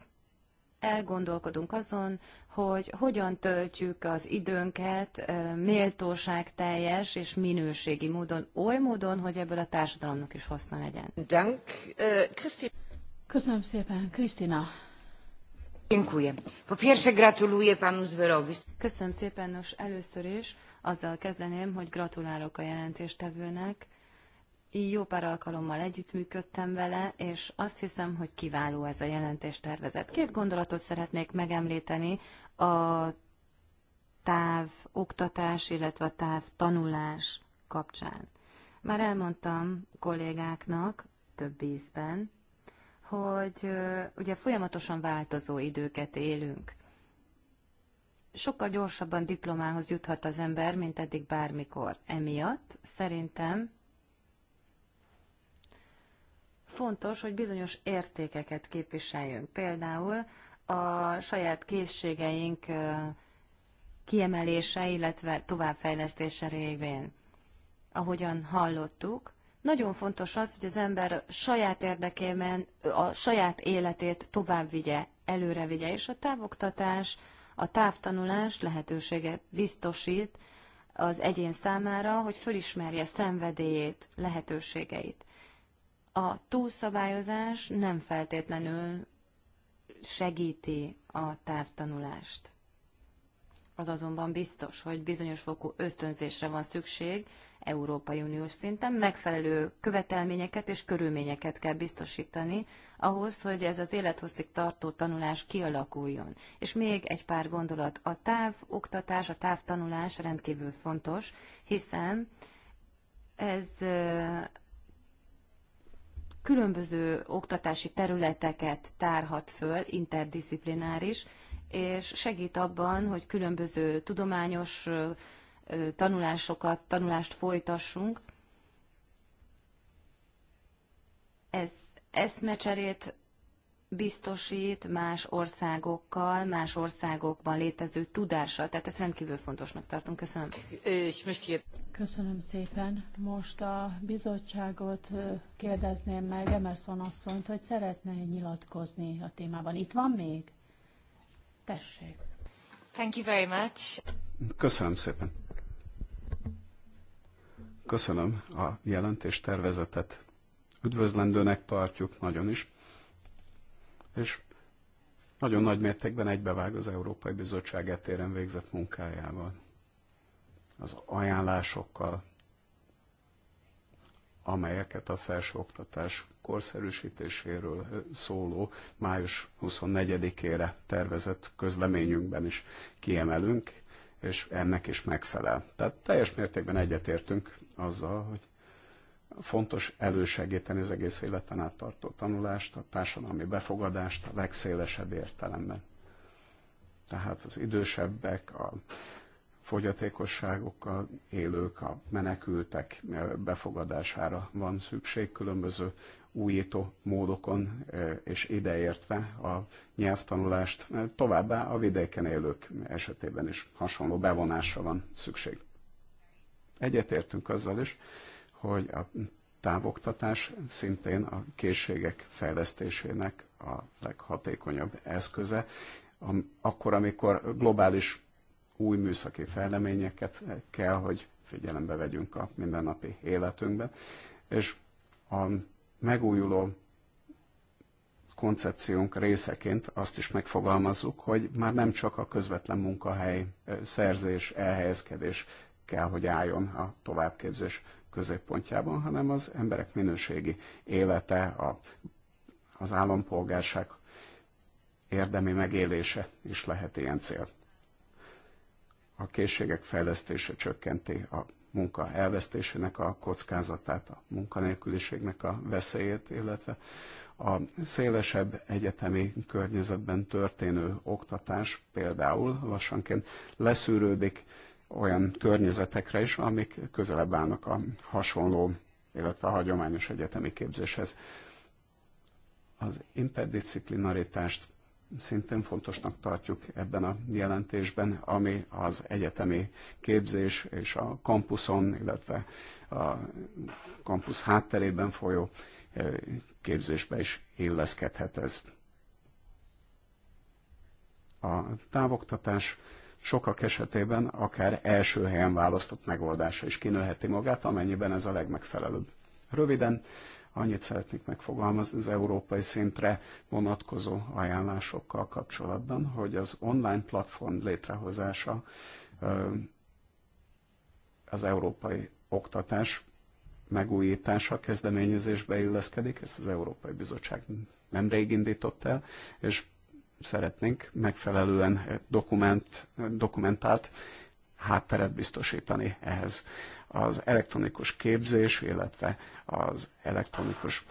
Elgondolkodunk azon, hogy hogyan töltjük az időnket méltóság teljes és minőségi módon, oly módon, hogy ebből a társadalomnak is haszna legyen. Dank, Köszönöm szépen, Krisztina. Köszönöm szépen, nos először is azzal kezdeném, hogy gratulálok a jelentéstevőnek így jó pár alkalommal együttműködtem vele, és azt hiszem, hogy kiváló ez a tervezet. Két gondolatot szeretnék megemlíteni a táv oktatás, illetve a táv tanulás kapcsán. Már elmondtam kollégáknak több ízben, hogy ugye folyamatosan változó időket élünk. Sokkal gyorsabban diplomához juthat az ember, mint eddig bármikor. Emiatt szerintem fontos, hogy bizonyos értékeket képviseljünk. Például a saját készségeink kiemelése, illetve továbbfejlesztése révén. Ahogyan hallottuk, nagyon fontos az, hogy az ember saját érdekében a saját életét tovább vigye, előre vigye, és a távoktatás, a távtanulás lehetőséget biztosít az egyén számára, hogy fölismerje szenvedélyét, lehetőségeit a túlszabályozás nem feltétlenül segíti a távtanulást. Az azonban biztos, hogy bizonyos fokú ösztönzésre van szükség Európai Uniós szinten, megfelelő követelményeket és körülményeket kell biztosítani ahhoz, hogy ez az élethosszig tartó tanulás kialakuljon. És még egy pár gondolat. A távoktatás, a távtanulás rendkívül fontos, hiszen ez különböző oktatási területeket tárhat föl, interdisziplináris, és segít abban, hogy különböző tudományos tanulásokat, tanulást folytassunk. Ez eszmecserét biztosít más országokkal, más országokban létező tudással. Tehát ezt rendkívül fontosnak tartunk. Köszönöm. Köszönöm szépen. Most a bizottságot kérdezném meg Emerson asszonyt, hogy szeretne nyilatkozni a témában. Itt van még? Tessék. Thank you very much. Köszönöm szépen. Köszönöm a jelentés tervezetet. Üdvözlendőnek tartjuk nagyon is, és nagyon nagy mértékben egybevág az Európai Bizottság etéren végzett munkájával az ajánlásokkal, amelyeket a felsőoktatás korszerűsítéséről szóló május 24-ére tervezett közleményünkben is kiemelünk, és ennek is megfelel. Tehát teljes mértékben egyetértünk azzal, hogy fontos elősegíteni az egész életen át tartó tanulást, a társadalmi befogadást a legszélesebb értelemben. Tehát az idősebbek, a fogyatékosságokkal élők, a menekültek eh, befogadására van szükség különböző újító módokon, eh, és ideértve a nyelvtanulást, eh, továbbá a vidéken élők esetében is hasonló bevonásra van szükség. Egyetértünk azzal is, hogy a távoktatás szintén a készségek fejlesztésének a leghatékonyabb eszköze, akkor, amikor globális új műszaki fejleményeket kell, hogy figyelembe vegyünk a mindennapi életünkben, és a megújuló koncepciónk részeként azt is megfogalmazzuk, hogy már nem csak a közvetlen munkahely szerzés, elhelyezkedés kell, hogy álljon a továbbképzés középpontjában, hanem az emberek minőségi élete, a, az állampolgárság érdemi megélése is lehet ilyen cél a készségek fejlesztése csökkenti a munka elvesztésének a kockázatát, a munkanélküliségnek a veszélyét, illetve a szélesebb egyetemi környezetben történő oktatás például lassanként leszűrődik olyan környezetekre is, amik közelebb állnak a hasonló, illetve a hagyományos egyetemi képzéshez. Az interdisziplinaritást szintén fontosnak tartjuk ebben a jelentésben, ami az egyetemi képzés és a kampuszon, illetve a kampusz hátterében folyó képzésbe is illeszkedhet ez. A távoktatás sokak esetében akár első helyen választott megoldása is kinőheti magát, amennyiben ez a legmegfelelőbb. Röviden, Annyit szeretnék megfogalmazni az európai szintre vonatkozó ajánlásokkal kapcsolatban, hogy az online platform létrehozása az európai oktatás megújítása kezdeményezésbe illeszkedik, ezt az Európai Bizottság nemrég indított el, és szeretnénk megfelelően dokument, dokumentált hátteret biztosítani ehhez az elektronikus képzés, illetve az elektronikus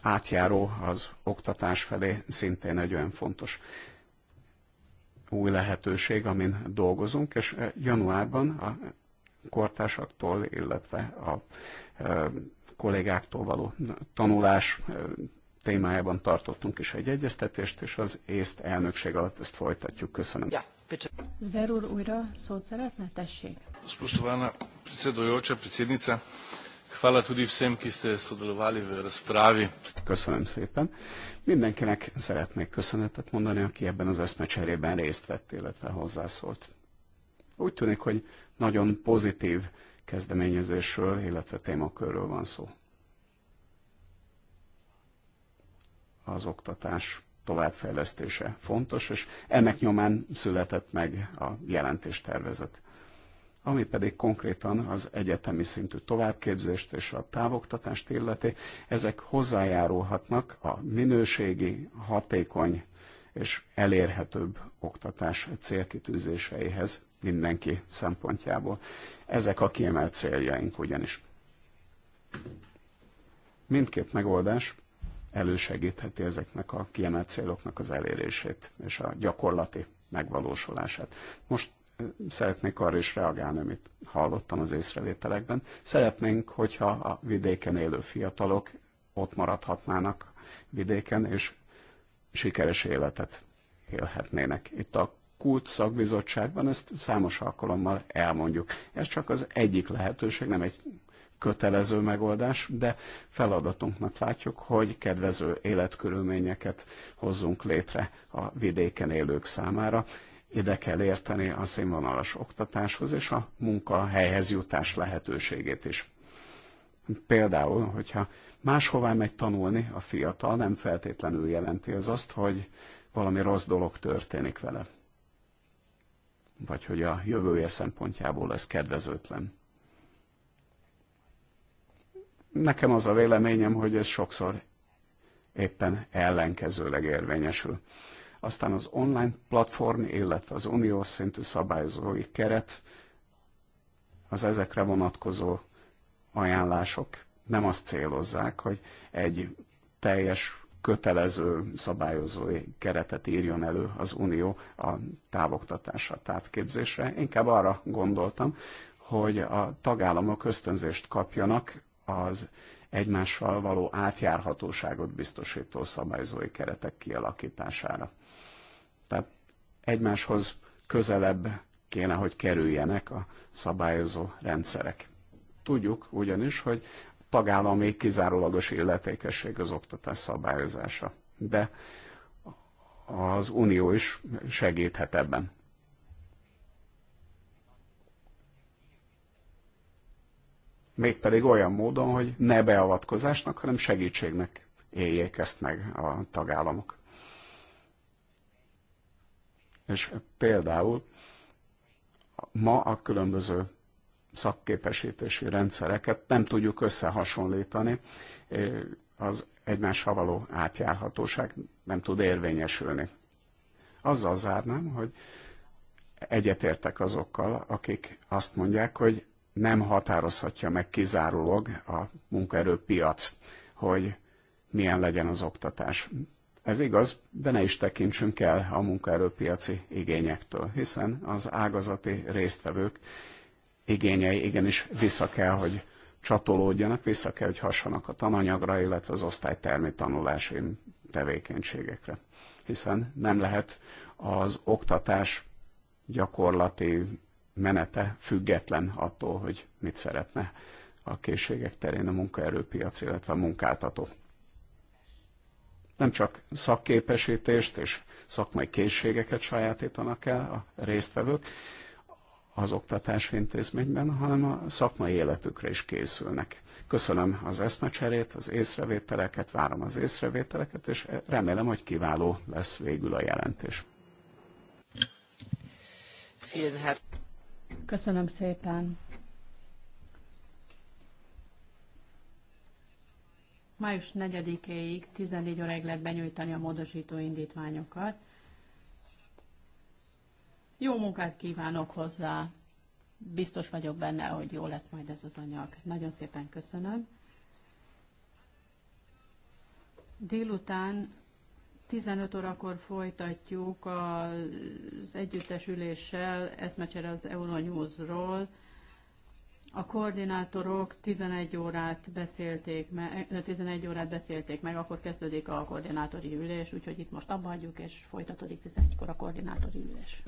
átjáró az oktatás felé szintén egy olyan fontos új lehetőség, amin dolgozunk, és eh, januárban a kortársaktól, illetve a eh, kollégáktól való tanulás eh, témájában tartottunk is egy egyeztetést, és az észt elnökség alatt ezt folytatjuk. Köszönöm. Ja. Bitte. újra szót szeretne? Tessék. Spoštovana predsedujoča, predsednica, hvala tudi vsem, ki ste sodelovali v razpravi. Köszönöm szépen. Mindenkinek szeretnék köszönetet mondani, aki ebben az eszmecserében részt vett, illetve hozzászólt. Úgy tűnik, hogy nagyon pozitív kezdeményezésről, illetve témakörről van szó. Az oktatás továbbfejlesztése fontos, és ennek nyomán született meg a jelentéstervezet. Ami pedig konkrétan az egyetemi szintű továbbképzést és a távoktatást illeti, ezek hozzájárulhatnak a minőségi, hatékony és elérhetőbb oktatás célkitűzéseihez mindenki szempontjából. Ezek a kiemelt céljaink ugyanis. Mindkét megoldás elősegítheti ezeknek a kiemelt céloknak az elérését és a gyakorlati megvalósulását. Most szeretnék arra is reagálni, amit hallottam az észrevételekben. Szeretnénk, hogyha a vidéken élő fiatalok ott maradhatnának vidéken, és sikeres életet élhetnének. Itt a kult szakbizottságban ezt számos alkalommal elmondjuk. Ez csak az egyik lehetőség, nem egy kötelező megoldás, de feladatunknak látjuk, hogy kedvező életkörülményeket hozzunk létre a vidéken élők számára. Ide kell érteni a színvonalas oktatáshoz és a munkahelyhez jutás lehetőségét is. Például, hogyha máshová megy tanulni a fiatal, nem feltétlenül jelenti az azt, hogy valami rossz dolog történik vele. Vagy hogy a jövője szempontjából ez kedvezőtlen Nekem az a véleményem, hogy ez sokszor éppen ellenkezőleg érvényesül. Aztán az online platform, illetve az uniós szintű szabályozói keret, az ezekre vonatkozó ajánlások nem azt célozzák, hogy egy teljes kötelező szabályozói keretet írjon elő az Unió a távoktatásra, távképzésre. Inkább arra gondoltam, hogy a tagállamok ösztönzést kapjanak az egymással való átjárhatóságot biztosító szabályzói keretek kialakítására. Tehát egymáshoz közelebb kéne, hogy kerüljenek a szabályozó rendszerek. Tudjuk ugyanis, hogy tagállami kizárólagos illetékesség az oktatás szabályozása, de az Unió is segíthet ebben. mégpedig olyan módon, hogy ne beavatkozásnak, hanem segítségnek éljék ezt meg a tagállamok. És például ma a különböző szakképesítési rendszereket nem tudjuk összehasonlítani, eh, az egymással való átjárhatóság nem tud érvényesülni. Azzal zárnám, hogy egyetértek azokkal, akik azt mondják, hogy nem határozhatja meg kizárólag a munkaerőpiac, hogy milyen legyen az oktatás. Ez igaz, de ne is tekintsünk el a munkaerőpiaci igényektől, hiszen az ágazati résztvevők igényei igenis vissza kell, hogy csatolódjanak, vissza kell, hogy hassanak a tananyagra, illetve az osztálytermi tanulási tevékenységekre. Hiszen nem lehet az oktatás gyakorlati menete független attól, hogy mit szeretne a készségek terén a munkaerőpiac, illetve a munkáltató. Nem csak szakképesítést és szakmai készségeket sajátítanak el a résztvevők az oktatási intézményben, hanem a szakmai életükre is készülnek. Köszönöm az eszmecserét, az észrevételeket, várom az észrevételeket, és remélem, hogy kiváló lesz végül a jelentés. Köszönöm szépen. Május 4-éig 14 óráig lehet benyújtani a módosító indítványokat. Jó munkát kívánok hozzá. Biztos vagyok benne, hogy jó lesz majd ez az anyag. Nagyon szépen köszönöm. Délután 15 órakor folytatjuk az együttesüléssel eszmecsere az Euronews-ról. A koordinátorok 11 órát beszélték meg, eh, 11 órát beszélték meg, akkor kezdődik a koordinátori ülés, úgyhogy itt most abba hagyjuk, és folytatódik 11-kor a koordinátori ülés.